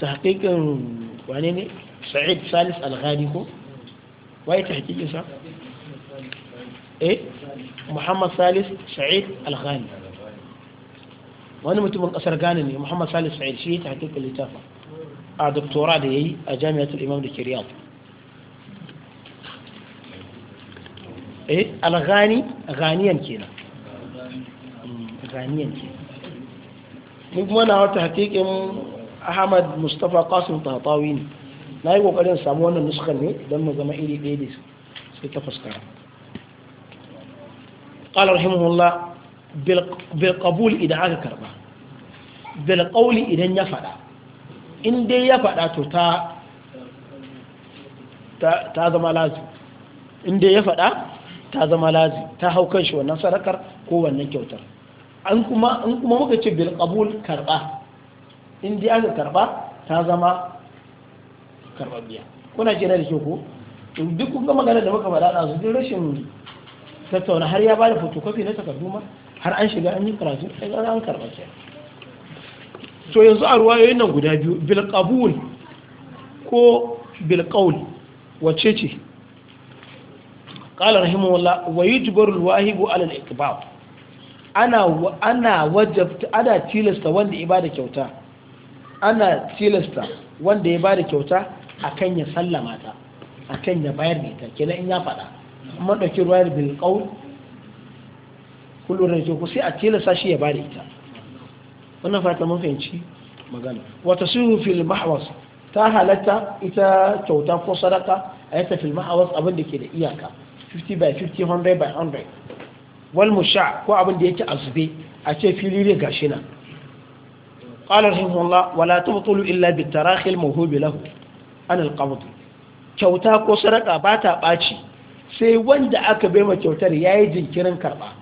tahqiqin wane ne sa'id salis al-ghani ko waye tahqiqin sa eh muhammad salis sa'id al-ghani wani mutumin kasar Ghana ne Muhammad salis Sa'id shi ta hakika littafa a doktora da yayi a Jami'atul Imam da kiryat. eh alghani ghaniyan kenan hmm, ghaniyan kenan ni kuma na wata hakikin ahmad mustapha qasim tahtawi ne na yi kokarin samu wannan nuskar ne don mu zama iri ɗaya da sai ta fuskara قال رحمه الله بالقبول idan aka karba بالقول idan ya دي in ya تا to ta zama lazim ta zama lazi ta hau kan shi wannan sadakar ko wannan kyautar an kuma an kuma muka ce bil qabul karba in dai aka karba ta zama biya kuna jira da ke ko duk kun ga magana da muka faɗa da su rashin tattauna har ya bada fotokofi na takardu ma har an shiga an yi karatu sai an karba ke to yanzu a ruwayoyin nan guda biyu bil qabul ko bil qaul wacce ce qala rahimahullah al-iqbal ana ana wajabta ana tilasta wanda ya bada kyauta ya bada kyauta akan ya sallama ta akan ya bayar da ita kenan in ya fada amma dauki ruwayar bil qawl kullu rajul ku sai a tilasta shi ya bada ita wannan fata mun fahimci magana wata siru fil mahwas ta halatta ita kyauta ko sadaka a yata fil mahwas abin da ke da iyaka 50 by 50 100 by 100 wal musha ko abin da yake azube a ce fili ne gashi nan قال رحمه الله ولا تبطل إلا بالتراخي الموهوب له عن القبض kyauta ko sadaka ba ta ɓaci sai wanda aka bai ma kyautar ya yi jinkirin karɓa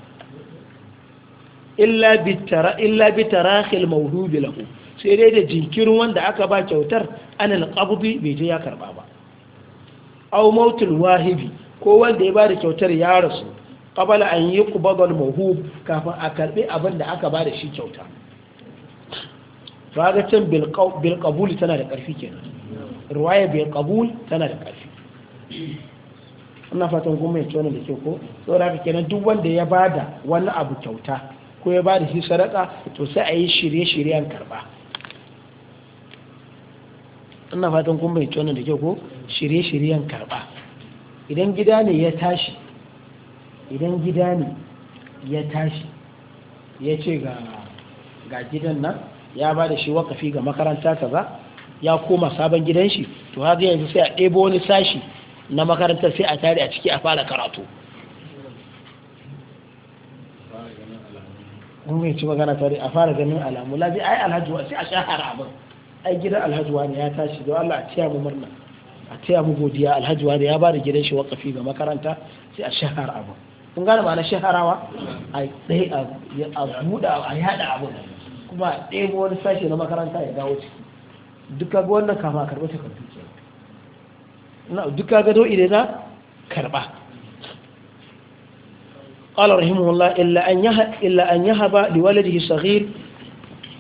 illa bi tarahil maudubi lahu sai dai da jinkirin wanda aka ba kyautar an alƙabdi bai je ya karɓa ba au mautul wahibi ko wanda ya bada kyautar ya rasu ƙabala an yuqbad al mahu kafin a karɓi abin da aka bada shi kyauta ragacin bilkabul tana da ƙarfi kenan riwaya bil tana da ƙarfi ina fatan kun mai tona da ke ko da haka kenan duk wanda ya bada wani abu kyauta ko ya bada shi sadaka to sai a yi shirye-shiryen karɓa, ina fatan kun mai tona da ke ko shirye-shiryen karɓa. idan gida ne ya tashi idan gida ne ya tashi ya ce ga gidan nan ya ba da shi wakafi ga makaranta za ya koma sabon gidan shi to haka yanzu sai a ɗebo wani sashi na makarantar sai a tare a ciki a fara karatu mai ci magana tare a fara ganin alamu lafi ai alhajuwa sai a shahara abin ai gidan alhajuwa ne ya tashi don allah a ciyar mu murna a taya mu godiya alhaji wani ya ba da gidan shi wakafi ga makaranta sai a shahara abu kun gane ba na shaharawa a ɗaya a buɗa a yaɗa abu kuma a ɗebo wani sashe na makaranta ya dawo ciki duka ga wannan kama karɓa ta karɓi ke duka ga do'i da na karɓa قال رحمه الله إلا أن يهب لولده الصغير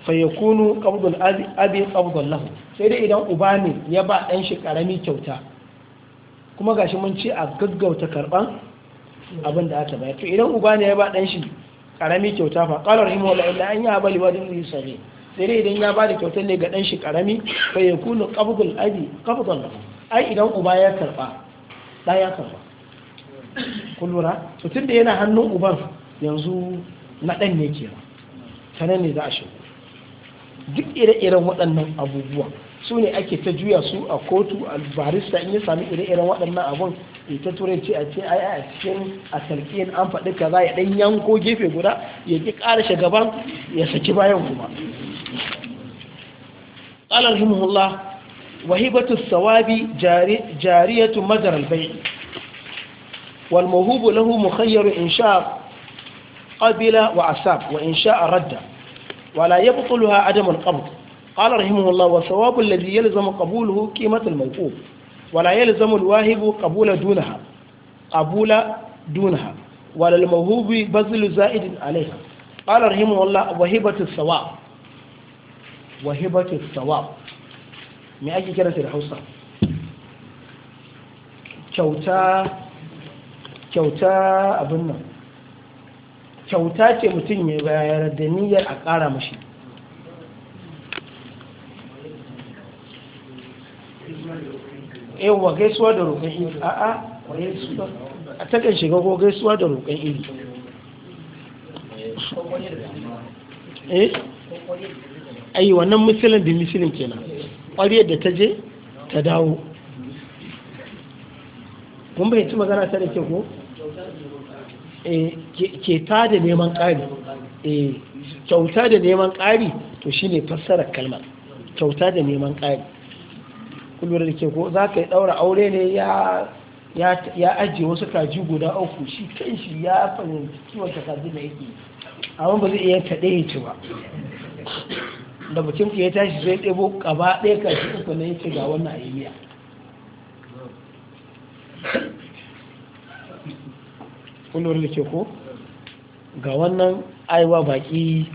fa yakunu qabdul abi qabdul lahu sai dai idan uba ne ya ba dan shi karami kyauta kuma gashi mun ce a gaggauta karban abin da aka bayar to idan uba ne ya ba dan shi karami kyauta fa qala rahimu la illa an ya bali wadin li sabi sai dai idan ya ba da kyautar ne ga dan shi karami fa qabdul abi qabdul lahu ai idan uba ya karba da ya karba kun lura to tunda yana hannun uban yanzu na dan ne kewa. sanan ne za a shigo duk ire-iren waɗannan abubuwa su ne ake ta juya su a kotu a barista in ya sami ire-iren waɗannan abun ita turanci a ce ai a cikin a talƙin an faɗi kaza ya ɗan yanko gefe guda ya ƙi ƙara shagaban ya saki bayan kuma qala rahimahullah wahibatu sawabi jariyatu madar al wal mawhubu lahu mukhayyaru in sha ƙabila wa asab wa in sha radda ولا يبطلها عدم القبض قال رحمه الله وثواب الذي يلزم قبوله قيمة الموقوف ولا يلزم الواهب قبول دونها قبول دونها ولا الموهوب بذل زائد عليها قال رحمه الله وهبة الثواب وهبة الثواب من أجل كرة الحصة كوتا كوتا أبنى kyauta ce mutum ya bayar da niyyar a ƙara mashi yawwa gaisuwa da roƙon iri a a a takan shiga ko gaisuwa da roƙon iri eh ayi wannan musulun da musulun kenan ƙwariyar da ta je ta dawo kun bai ci magana ta da ke ko Eh, ke ta da neman ƙari eh, kyauta da neman ƙari to shi ne fassarar kalmar kyauta da neman ƙari kullum da ke ko za ka yi ɗaura aure ne ya ajiye wasu kaji guda uku shi kan shi ya fahimci kiwon kaji da yake amma ba zai iya taɗe ya ci ba da mutum ya tashi zai ɗebo ƙaba ɗaya kaji uku na yake ga wannan ayyuka kun da ke ko ga wannan aiwa baƙi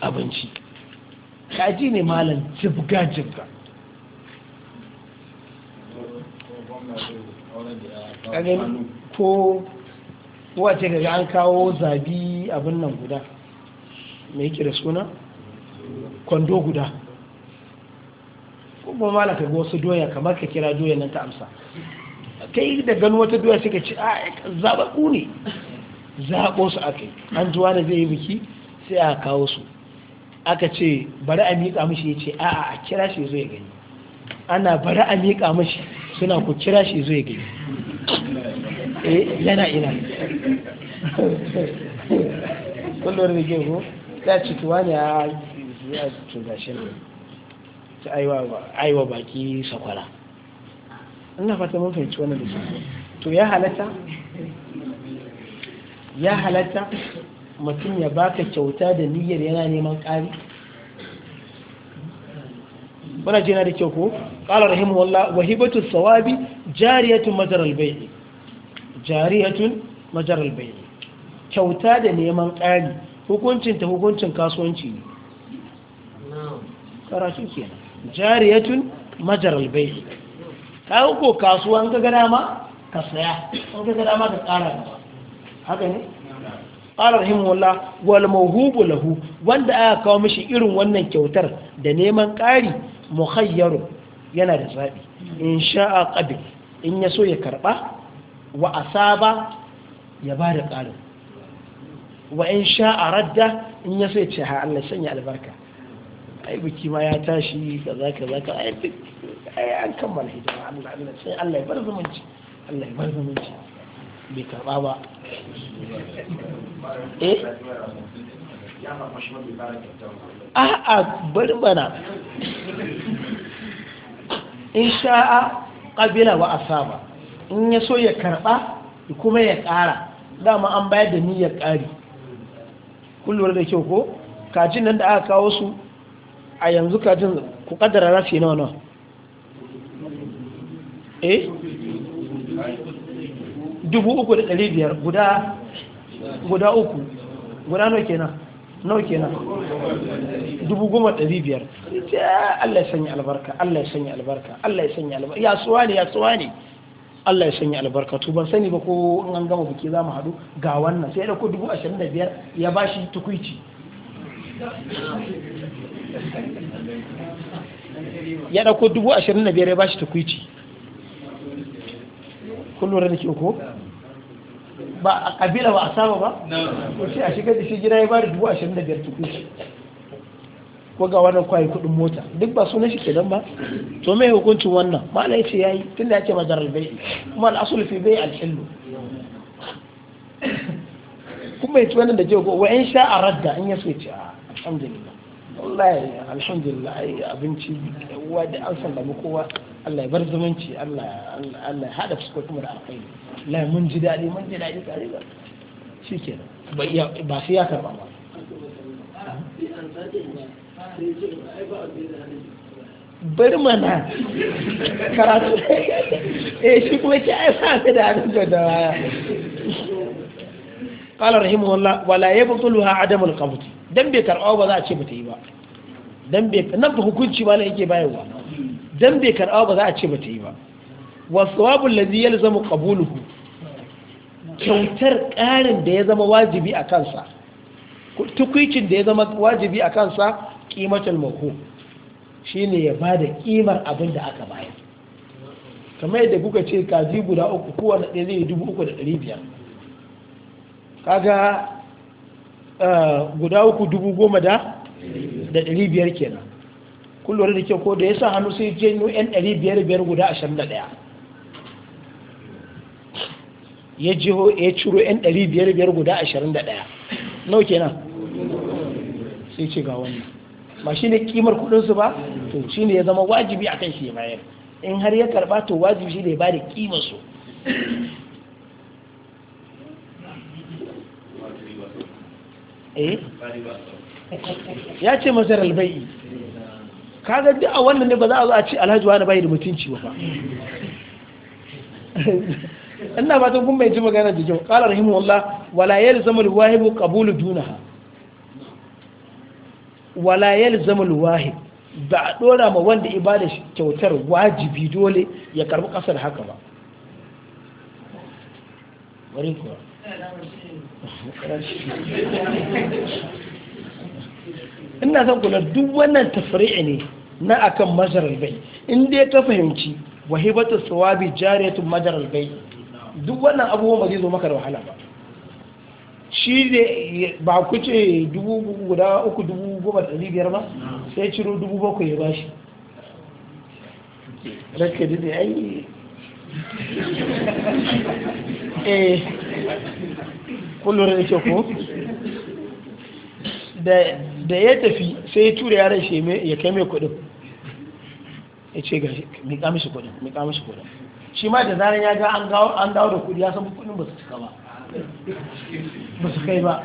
abinci kaji ne malam jibga jibga ko wace ga an kawo zabi abin nan guda mai yake suna kwando guda kuma malaka ga wasu doya kamar ka kira doya nan ta amsa kai da gano wata doya suka ci a zaɓa ƙuni zaɓo su aka yi an ji wani zai yi biki sai a kawo su aka ce bari a miƙa mashi ya ce a a kira shi zai gani ana bari a miƙa mashi suna ku kira shi zai gani eh yana ina kullum da ke ko ta ci tuwa ne a tuga shi ne ta aiwa baki sakwara ina fata mun fahimci wannan da shi to ya halatta ya halatta mutum ya baka kyauta da niyyar yana neman ƙari muna jina da kyau ko ƙalar rahimu wallah wahibatu sawabi jariyatun majar albayi jariyatun majar albayi kyauta da neman ƙari hukuncin ta hukuncin kasuwanci ne karatu kenan jariyatun majar albayi ka yi ko kasuwa an ka gada ma ka saya an ka gada ma ka ƙara gaba haka ne ƙarar himmullah wal lahu wanda aka kawo mishi irin wannan kyautar da neman ƙari muhayyaro yana da zaɓi in sha'a ƙabil in ya so ya karɓa wa asaba ya ba da ƙarin wa in sha'a radda in ya so ya ce ha Allah sanya albarka ai biki ma ya tashi kaza kaza ka ai duk ai an kammala hijira. Allah Allah sai Allah ya bar zumunci Allah ya bar zumunci bai karba ba eh a'a bari bana in sha'a ƙabila wa asaba in ya so ya karɓa kuma ya ƙara dama an bayar da niyyar ƙari kullum da kyau ko kajin nan da aka kawo su a yanzu katin ku kaddara rafi su yi nawa eh dubu uku da ɗari biyar guda guda uku guda nawa kenan nawa na dubu goma ɗari biyar Allah ya sanya albarka Allah ya sanya albarka Allah ya sanya albarka ya suwa ne ya suwa ne Allah ya sanya albarka to ban sani ba ko in an gama buke za mu haɗu ga wannan sai da ku dubu ashirin da biyar ya ba shi tukuici ya ɗauko dubu ashirin da biyar ya bashi ta kun kullum da ke ko ba a kabila ba a saba ba ko sai a shiga da shi gina ya bada dubu ashirin da biyar ta tukwici ko ga wannan kwaye kudin mota duk ba sunan shi kenan ba to mai hukuncin wannan malai ce yayi tunda yake madar bai kuma al'asul fi bai al-hillu kuma yace wannan da je go wa in sha radda in yaso ce ah, alhamdulillah wallahi alhamdulillah ai abinci uwa da an sallami kowa Allah ya bar zumunci Allah Allah ya hada fuskokin da alkhairi la mun ji dadi mun ji dadi tare da shikenan ba iya ba sai ya karba ba bari mana karatu eh shi kuma ke ai sa da hannun da qala rahimahullah wala yabtuluha adamul qabd dan bai karɓa ba za a ce bata yi ba dan bai nan ba hukunci ba yake bayarwa dan bai karɓa ba za a ce bata yi ba wa thawabul ladhi yalzamu qabuluhu kyautar ƙarin da ya zama wajibi a kansa tukwicin da ya zama wajibi a kansa ƙimatul mako shi ne ya bada da ƙimar abin da aka bayar kamar yadda kuka ce kazi guda uku kowane ɗaya zai yi dubu uku da ɗari biyar kaga eh, guda uku dubu goma da ɗari biyar kenan kullum da ke ko da ya sa hannu sai janyo yan ɗari biyar biyar guda ashirin da ɗaya ya jiho ya ciro yan ɗari biyar biyar guda ashirin da ɗaya nau kenan sai ce ga wannan ba shi ne kimar kuɗinsu ba to shi ne ya zama wajibi a kan shi bayar in har ya karɓa to wajibi shi ne ba da kimarsu eh ya ce masar albai kaga duk a wannan ne ba za a zo a ce alhaji wani bai da mutunci ba ina fatan kun bai ji magana da kyau qala rahimahullah wala yalzamu alwahibu qabulu dunaha wala yalzamu alwahib ba a dora ma wanda ibada kyautar wajibi dole ya karbi kasar haka ba wari kuwa ina son kula duk wannan tafari'a ne na akan majaral bai in dai ka fahimci wahibatu sawabi jariyatu majaral bai duk wannan abubuwan ba zai zo maka da wahala ba shi ne ba ku ce dubu guda uku dubu goma da ɗari biyar ba sai ciro dubu bakwai ya ba shi rake da zai ai eh. kullum da ce ko da ya tafi sai ya tura yaran shi ya kai mai kudin ya ce ga miƙa mishi kudin miƙa mishi kudin shi ma da zaran ya ga an dawo da kudi ya san kudin ba su cika ba ba su kai ba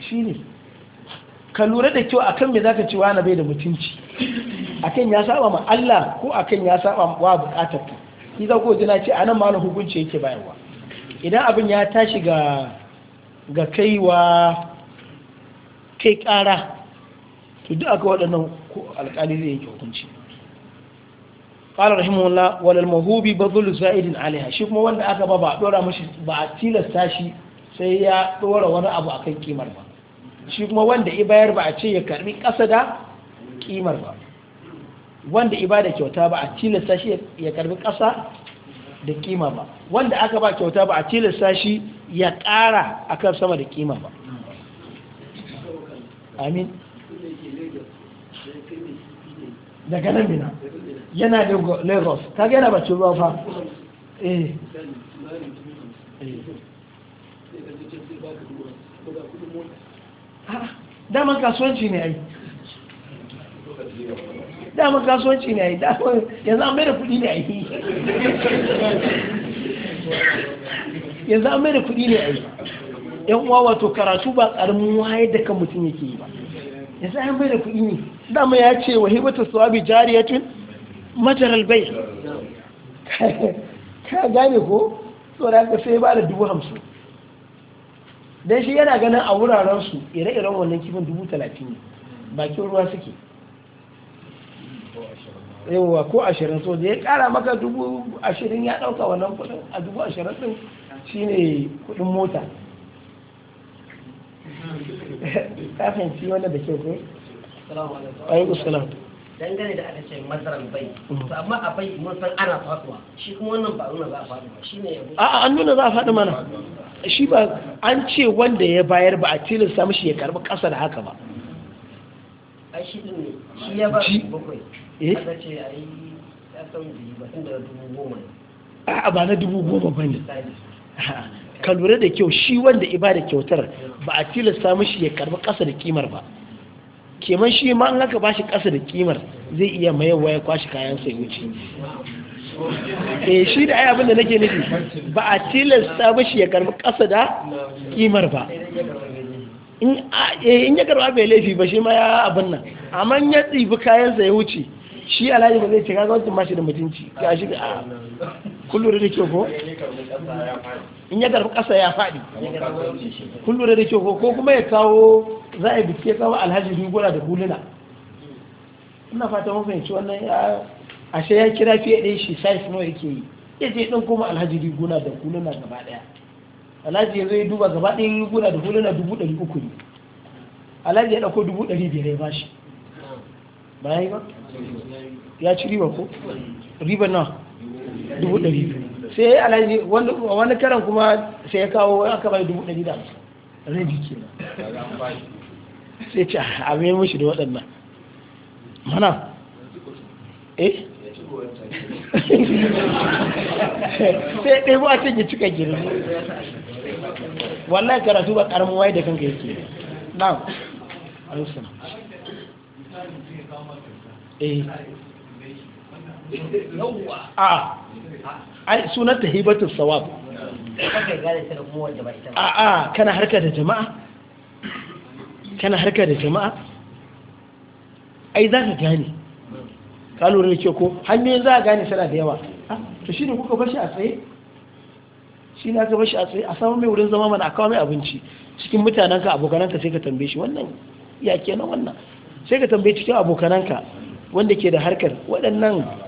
shi ne ka lura da kyau akan me zaka ci wani bai da mutunci akan ya saba ma Allah ko akan ya saba wa bukatar ka ki za jina ce anan malam hukunci yake bayarwa idan abin ya tashi ga ga kaiwa kai kara to duk aka waɗannan alƙali zai yake hukunci ƙalar rahimahullah walal mahubi bazulu za'idin alaiha shi kuma wanda aka ba ba a ɗora mashi ba a tilasta shi sai ya ɗora wani abu a kan ba shi kuma wanda i bayar ba a ce ya karɓi ƙasa da kimar ba wanda i da kyauta ba a tilasta shi ya karɓi ƙasa da kima ba wanda aka ba kyauta ba a tilasta shi ya ƙara a kan sama da kima ba amin daga nan bina yana da lagos ta gina ba ruwa fa eh ah, daman kasuwanci ne ai daman kasuwanci ne ai daman yanzu an mai da kudi ne ai yanzu an mai kuɗi ne a yi yan uwa wato karatu ba ƙaramin waye da kan mutum yake yi ba yanzu an mai kuɗi ne dama ya ce wa hibata suwabi tun majaral bai ka gane ko tsoron ka sai ba da dubu hamsin don shi yana ganin a wuraren su ire-iren wannan kifin dubu talatin ne bakin ruwa suke yawa ko ashirin so da ya kara maka dubu ashirin ya dauka wannan kudin a dubu ashirin din shine kudin mota kafin fahimci wanda da kyau ko alaikum salam dangane da aka ce masaran bai mm. to amma a bai mun san ana faduwa shi kuma wannan ba nuna za a faduwa ya yabo a'a an nuna za a fadi mana shi ba an ce wanda ya bayar ba a tilin tilasta mishi ya karbi ƙasa da haka ba A shi din shi ya ba bakwai eh? aka ce ai ya san ba tun da dubu goma a'a ba na dubu goma bane ka lura da kyau shi wanda ibada kyautar ba a tilasta mishi ya karbi ƙasa da kimar ba keman shi ma an haka bashi ƙasa da kimar zai iya mayarwa ya kwashi kayan sai wuce eh shi da ai abin da nake nufi ba a tilasta mishi ya karbi ƙasa da kimar ba in eh, ya karba bai laifi ba shi ma ya abin nan amma ya tsibi kayan sai wuce shi alhaji ba zai ce kaga wancan mashi da mutunci ga shi a kun da kyau ko in ya garbi ƙasa ya faɗi kun da kyau ko ko kuma ya kawo za a biki kawo alhaji riguna da bulina ina fata mafi yanci wannan ya ashe ya kira fiye ɗaya shi saif nawa yake yi ya je ɗin kuma alhaji riguna da huluna gaba ɗaya alhaji ya zai duba gaba ɗaya riguna da huluna dubu ɗari uku ne alhaji ya ɗauko dubu ɗari biyar ya bashi ba ya yi ba ya ci riba ko riba na dubu ɗari biyu sai alhaji wani karan kuma sai ya kawo aka bai dubu ɗari da hamsin rabi kenan sai ce ah, a mai mushi da waɗannan mana eh sai ɗaya ba a ce ki cika girma karatu ba karamin waye da kanka yake na'am alaikum eh a ai sunan ta hibatun sawab a a kana harka da jama'a kana harka da jama'a ai za ka gane ka lura da ke ko hanyoyin za a gane sana da yawa ah, to shi ne kuka bashi a tsaye shi ne aka bashi a tsaye a samun mai wurin zama mana a kawo mai abinci cikin mutanenka abokananka sai ka tambaye shi wannan ya ke kenan wannan sai ka tambaye cikin abokananka wanda ke da harkar waɗannan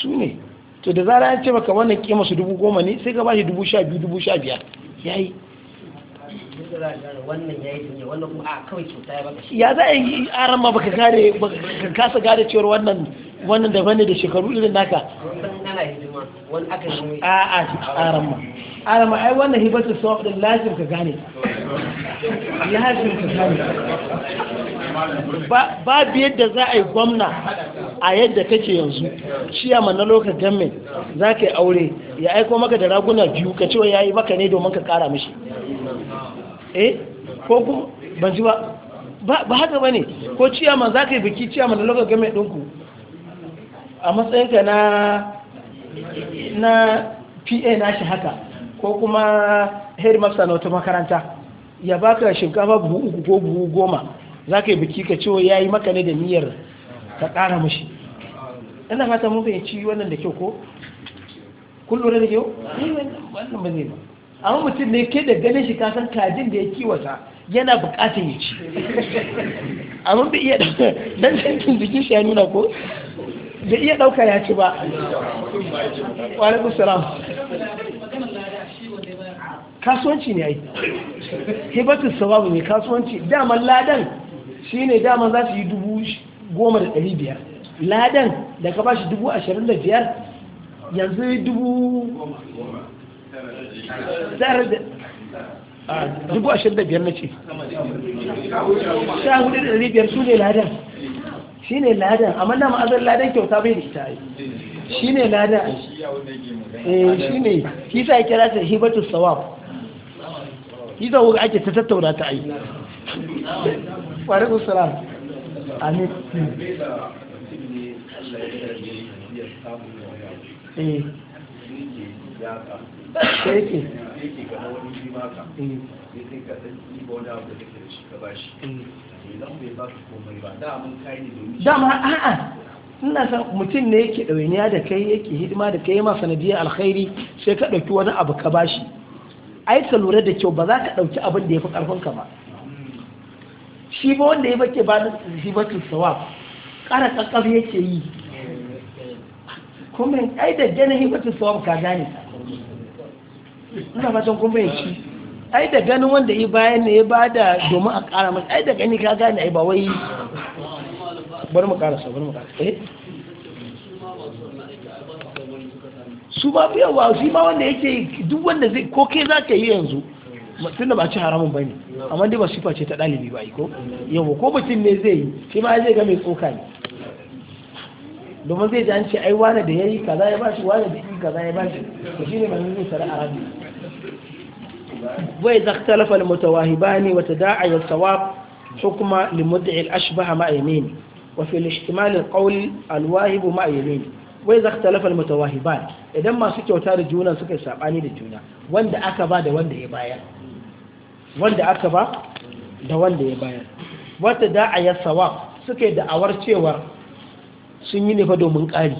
su ne to da zara ya ce maka wannan kima su dubu goma ne sai gaba shi dubu sha biyu dubu sha biyar ya yi ya za a yi aran ma baka gare baka kasa gare cewar wannan wannan da bane da shekaru irin naka a a aran ma aran ma ai wannan hibatu sawab din lazim ka gane lazim ka gane babu yadda za a yi gwamna a yadda kake yanzu ciyama na lokacin gamin za ka yi aure ya aiko maka da raguna biyu ka cewa ya yi maka ne domin ka kara mashi. eh ko kuma ban ji ba ba haka ba ne ko ciyama za ka yi biki ciyama na lokacin gamin ɗinku a matsayinka na na pa na shi haka ko kuma headmaster na wata makaranta ya baka shinkafa buhu uku ko buhu goma za ka yi biki ka cewa ya yi maka ne da niyyar ka ƙara mashi ina fata mun fahimci wannan da kyau ko Kullum da kyau eh, wannan ba zai ba amma mutum ne ke da ganin shi kasan kajin da ya kiwata yana buƙatar ya ci amma bai iya dan cikin jikin shi ya nuna ko da iya ɗauka ya ci ba walaikun salam kasuwanci ne yi hibatun sababu ne kasuwanci daman ladan shi ne dama za su yi dubu goma da ɗari biyar ladan da ka ba shi dubu ashirin da biyar yanzu dubu dubu ashirin da biyar na ce sha hudu da ɗari biyar su ne ladan shi ne ladan amma na ma'azar ladan kyauta bai da ita shi ne ladan eh, shi ne kisa ya kira ta hibatu sawab kisa wuka ake ta tattauna ta ayi Wariku salam. Amin. Eh. Dama a'a ah, ah. ina san mutum ne yake ɗawainiya da kai yake hidima da kai yama sanadiyar alkhairi sai ka ɗauki wani abu ka bashi ai ka lura da kyau ba za ka ɗauki abin da ya fi ƙarfinka ba shi ba wanda ya bake ba da zibatun sawab ƙara ƙaƙƙaf yake yi kuma ai da gane hibatun sawab ka gane ina fatan kuma yake ci ai da gani wanda ya bayan ne ya ba da domin a ƙara mai ai da gani ka gane ai ba wai bari mu sau bari mu ƙarasa eh ba fiye wa su ma wanda yake duk wanda zai ko za ka yi yanzu tunda ba ci haramun ba ne amma dai ba sifa ce ta dalibi ba ko yau ko mutum ne zai yi shi ma zai ga mai tsoka ne domin zai ji an ce ai wani da ya yi kaza ya bashi wani da yi kaza ya bashi to shine ba zai sara arabi wa idza ikhtalafa al mutawahibani wa tada'a al sawab hukma li mud'i al ashbaha ma yamin wa fi al ihtimal al qawl al wahib ma yamin wai za ta lafal ba idan masu kyauta da juna suka yi saɓani da juna wanda aka ba da wanda ya bayar wanda aka ba da wanda ya bayar wata yi sawa suka yi da'awar cewar sun yi nufa domin ƙari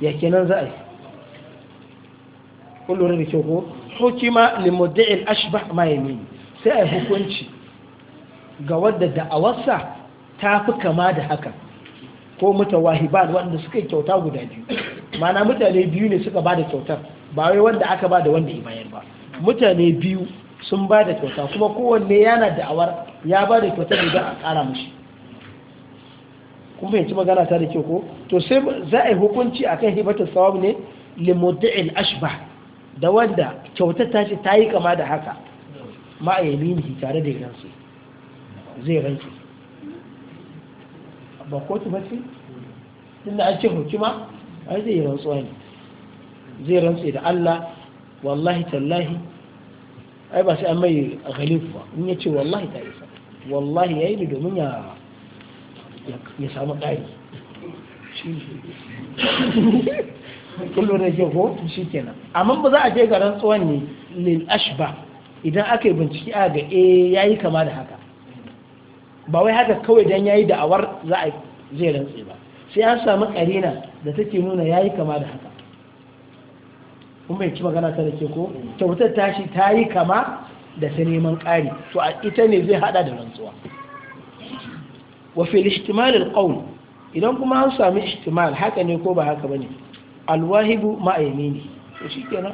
ya kenan za a yi kullum da kyau ko hukima limudda'il ashbah ma yamin sai a yi hukunci ga wadda da'awarsa ta fi kama da haka ko mutawahiban wanda suka yi kyauta guda biyu mana mutane biyu ne suka ba da kyautar ba wai wanda aka ba da wanda ya bayar ba mutane biyu sun ba da kyauta kuma kowanne yana da'awar ya ba da kyautar da a ƙara mashi kun fahimci magana ta da kyau ko to sai za a yi hukunci a kan hibatar sawab ne limudda'il ashba da wanda kyautar ta ce ta yi kama da haka ma'ayyami ne tare da ransu zai ransu ba kotu ba ce tunda an ce ma ai zai rantsuwa ne zai rantse da Allah wallahi tallahi ai ba sai an mai ghalif ba in ya ce wallahi ta isa wallahi yi da domin ya ya samu ƙari kullum da ke ko shi kenan amma ba za a je ga rantsuwan ne lil ashba idan aka yi bincike a ga eh yayi kama da haka ba wai haka kawai dan yayi da'awar za a zai rantse ba sai an samu karina da take nuna yayi kama da haka kun bai ci magana ta da ke ko kyautar tashi ta yi kama da ta neman ƙari to a ita ne zai hada da rantsuwa wa fil ihtimal idan kuma an samu ihtimal haka ne ko ba haka bane alwahibu ma yamini to shikenan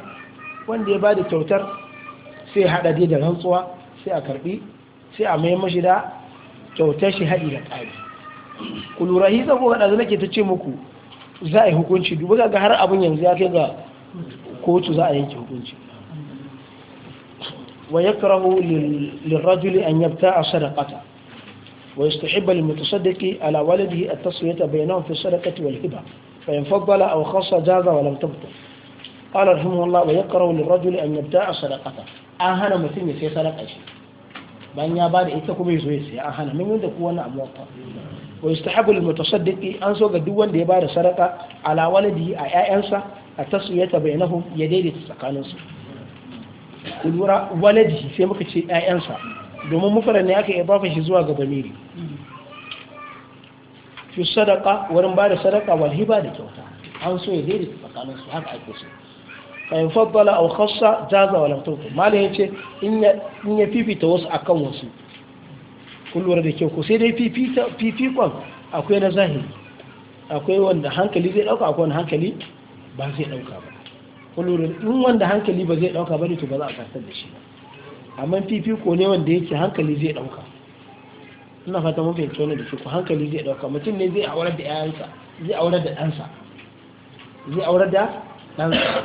wanda ya bada kyautar sai hada dai da rantsuwa sai a karbi sai a mai mashi da kyauta shi haɗi da ƙari ku lura hi zago ga ɗazu nake ta ce muku za a yi hukunci duba ga har abin yanzu ya kai ga kotu za a yanke hukunci wa ya karahu lirajuli an yabta a sadakata wa ya stuhibba limutasaddiki ala walidihi a taswiyata bayanan fi sadakati wal hiba fa in faddala aw khassa jaza wa lam tabta qala rahimahullah wa yakrahu lirajuli an yabta a sadakata an hana mutum ya sai sadaka shi bayan ya bada ita kuma zo ya siya an hana mun da ku wannan abu wata wa yustahabu lil mutasaddiqi an so ga duk wanda ya bada sadaka ala waladihi a ƴaƴansa a tasuyata bainahu ya daidaita tsakaninsu kulura waladihi sai muka ce ƴaƴansa domin mufarar ne aka ibafa shi zuwa ga bamiri fi sadaka wurin bada sadaka wal hiba da kyauta an so ya daidaita tsakaninsu haka ake so fayin faddala a khassa jaza wa laftoku malin ya ce in ya fifita wasu a kan wasu kullum da kyau ko sai dai fifikon akwai na zahiri akwai wanda hankali zai dauka akwai wanda hankali ba zai dauka ba kullum in wanda hankali ba zai dauka ba ne to ba za a kasar da shi amma fifiko ne wanda yake hankali zai dauka ina fata mun fahimci wannan da ke ko hankali zai dauka mutum ne zai aurar da ƴaƴansa zai aurar da ɗansa zai aurar da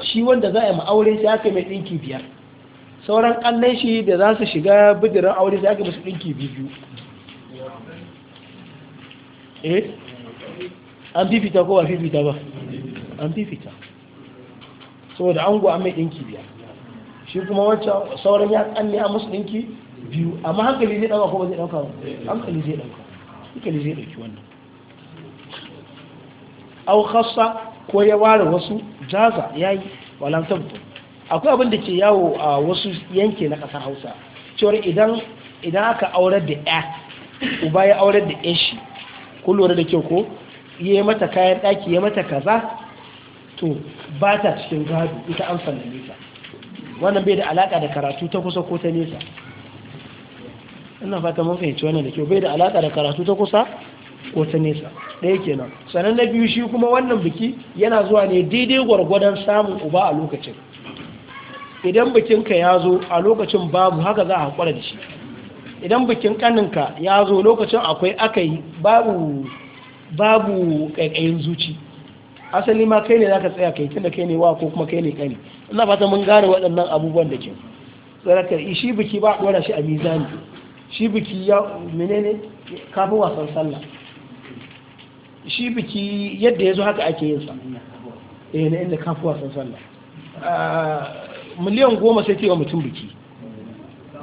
shi wanda za a yi aure sai aka mai ɗinki biyar sauran ƙannan shi da za su shiga bidiran aure sai aka musu ɗinki biyu eh an fifita ko ba fifita ba an fifita saboda an an mai ɗinki biyar shi kuma wacce sauran ya ƙanne an musu ɗinki biyu amma hankali zai ɗauka ko ba zai ɗauka ba hankali zai ɗauka hankali zai ɗauki wannan au khassa ko ya ware wasu jaza yayi walan tabtu akwai abin da ke yawo a wasu yanke na kasar Hausa cewa idan idan aka aurar da ya uba ya aurar da ya shi kun lura da kyau ko yi mata kayan daki ya mata kaza to ba ta cikin gado ita an sallame ta wannan bai da alaka da karatu ta kusa ko ta nesa ina fata mun fahimci wannan da kyau bai da alaka da karatu ta kusa ko ta nesa ɗaya kenan sannan na biyu shi kuma wannan biki yana zuwa ne daidai gwargwadon samun uba a lokacin idan bikinka ya zo a lokacin babu haka za a haƙura da shi idan bikin ƙaninka ya zo lokacin akwai aka yi babu babu ƙaiƙayin zuci asali ma kai ne zaka tsaya kai tunda kai ne wa ko kuma kai ne kani ina fata mun gane waɗannan abubuwan da ke tsarakar shi biki ba ɗora shi a mizani shi biki ya menene kafin wasan sallah shi biki yadda ya zo haka ake yin sa eh na inda kafuwa sun sallah ah, miliyan goma sai ta yi wa mutum biki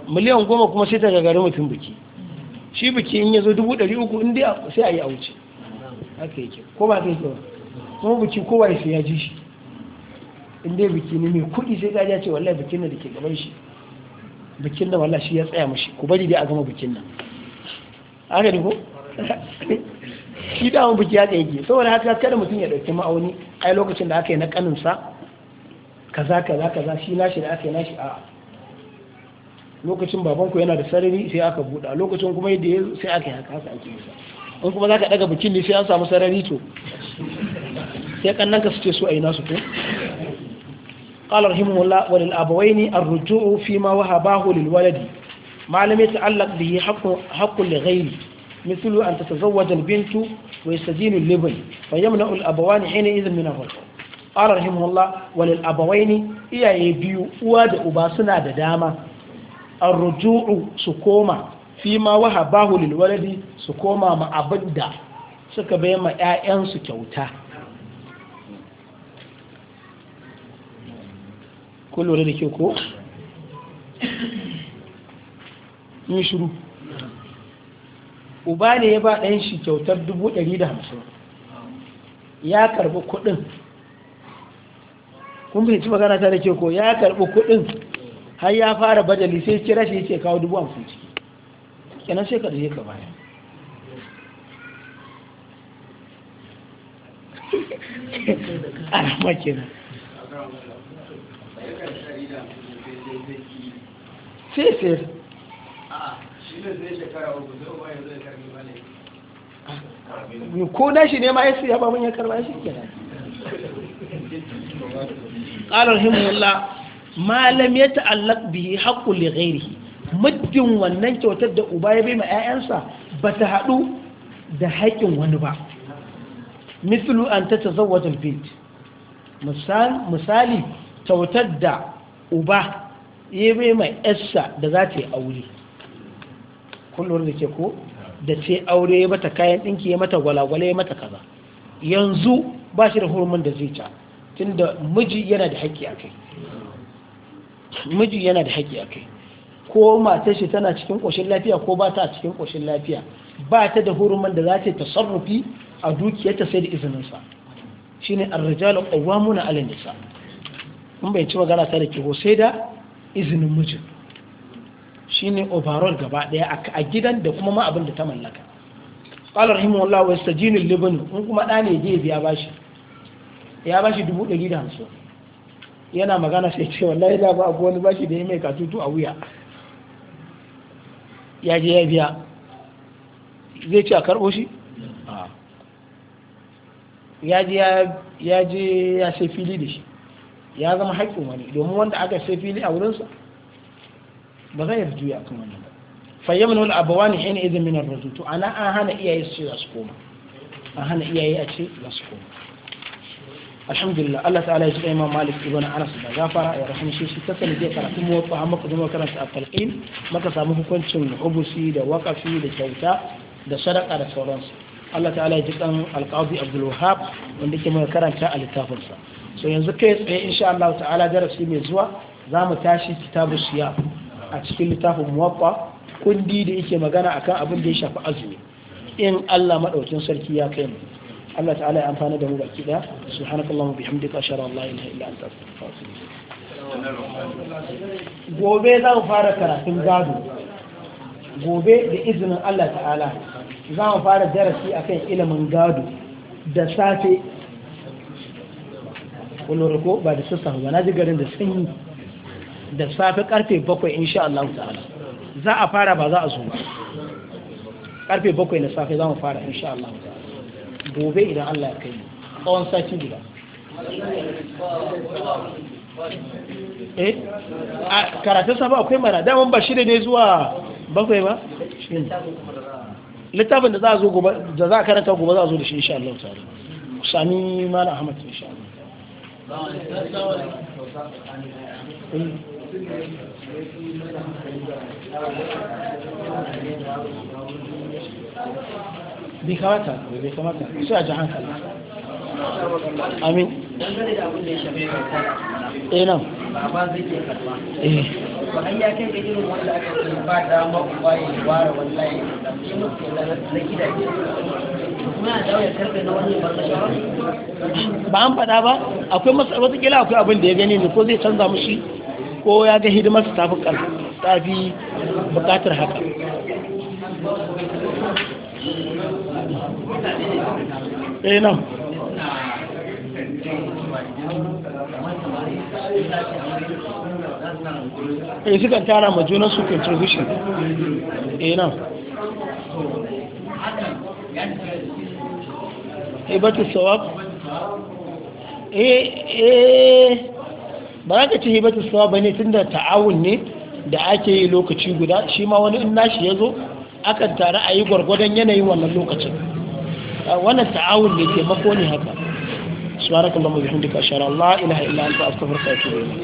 miliyan goma kuma sai ta gagari mutum biki shi biki in ya zo dubu ɗari uku in dai sai a yi a wuce haka yake ko ba ke ba kuma biki kowa ya ya ji shi in dai biki ne mai kuɗi sai ya ce wallahi bikin nan da ke gaban shi bikin nan wallahi shi ya tsaya mashi ku bari dai a gama bikin nan haka ne ko shi da mun biki ya yake saboda haka kada mutun ya dauki ma'auni ai lokacin da aka yi na kanin sa kaza kaza kaza shi nashi da aka yi nashi a lokacin baban ku yana da sarari sai aka buɗa lokacin kuma yadda ya sai aka yi haka haka ake yi in kuma zaka daga bikin ne sai an samu sarari to sai kannan ka suke so a yi nasu ko قال رحمه الله وللأبوين الرجوع فيما وهباه للولد ما لم يتعلق به حق, حق لغيره مثل أن تتزوج البنت ويستدين لابن فيمنع الأبوان حينئذ من الرجل قال رحمه الله وللأبوين إيا يبيو واد أباسنا دداما الرجوع سكوما فيما وهباه للولد سكوما ما أبدا سكبيما آيان سكوتا كل ولد كيوكو يشرو uba ne ya ba ɗan shi kyautar dubu ɗari da hamsin ya karɓi kuɗin kun fahimci magana ta da ke ko ya karɓi kuɗin har ya fara badali sai kira shi yake kawo dubu hamsin ciki kenan sai ka ka baya alama kenan sai sai ko na shi ne ma ya siya ba mun ya karba shi kenan qala rahimahullah ma lam yata'allaq bihi haqqu li ghairihi muddin wannan kyautar da uba ya bai ma ƴaƴansa bata hadu da haƙin wani ba mithlu an al albayt misal misali kyautar da uba ya bai ma ƴarsa da za ta yi aure kullum da ke ko da ce aure ya mata kayan ɗinki ya mata gwalagwale ya mata kaza yanzu ba shi da hurumin da zai ca tunda miji yana da haƙƙi a kai miji yana da haƙƙi a kai ko matar shi tana cikin ƙoshin lafiya ko ba ta cikin ƙoshin lafiya ba ta da hurumin da za ta yi tasarrufi a dukiyarta sai da izinin izininsa shine ar-rijalu qawwamuna 'ala nisa in bai ci magana ta da ke sai da izinin mijin shine overall gaba daya a gidan da kuma ma abin da ta mallaka qala rahimahullah wa istajinu libn in kuma da ne je biya bashi ya bashi 150 yana magana sai ce wallahi da ba abu wani bashi da ya mai katutu a wuya ya je ya biya zai ce a karbo shi ya je ya je ya sai fili da shi ya zama haƙƙin wani domin wanda aka sai fili a wurinsa ba ya yarjuya akan wannan ba fa yamnu al wani hin idhin min ar-rajul to ana an hana iyaye su ce za su koma an hana iyaye a ce za su koma alhamdulillah Allah ta'ala ya ji imam Malik ibn Anas da gafara ya rahmi shi shi ta sanide karatu mu wato amma ku zama karanta at-talqin maka samu hukuncin ubusi da waqafi da kyauta da sadaka da sauransu Allah ta'ala ya ji kan al-Qadi Abdul Wahhab wanda ke mai karanta a littafinsa sa so yanzu kai tsaye insha Allah ta'ala darasi mai zuwa za mu tashi kitabu siya. a cikin littafin muwaffa kundi da yake magana akan abin da ya shafi azumi in Allah madaukin sarki ya kai mu Allah ta'ala ya amfana da mu baki da subhanakallahumma bihamdika ashhadu an la ilaha illa anta gobe za mu fara karatun gado gobe da izinin Allah ta'ala za mu fara darasi akan ilimin gado da safe kullum ko ba da sassa ba na ji garin da sanyi da safe karfe bakwai insha Allah ta'ala za a fara ba za a zuwa karfe bakwai na safe za mu fara insha Allah ta'ala gobe idan Allah ya kai tsawon sati guda eh a karatun safa akwai mara damar ba da ne zuwa bakwai ba littafin da za a zo gobe da za a karanta gobe za a zo da shi insha Allah ta'ala sami mana ahmad insha Allah hmm. bai kamata bai kamata sai a ji hankali amin eh nan ba zai ke karba eh an ya kai wanda aka ba da ware wallahi shi na gidaje ba an faɗa ba akwai matsar watakila akwai abin da ya gani ne ko zai canza mushi ko ya ga hidimarsa tafi tafi bukatar haka eh nan eh suka tara ma junan su contribution eh nan eh batu sawab eh eh ba za ka ce hibatu suwa ba ne tun da ta'awun ne da ake yi lokaci guda shi ma wani in nashi ya zo akan tare a yi gwargwadon yanayin wannan lokacin wannan ta'awun ne taimako ne haka subhanakallahu wa bihamdika ashhadu shara Allah ilaha illa anta astaghfiruka wa atubu ilayk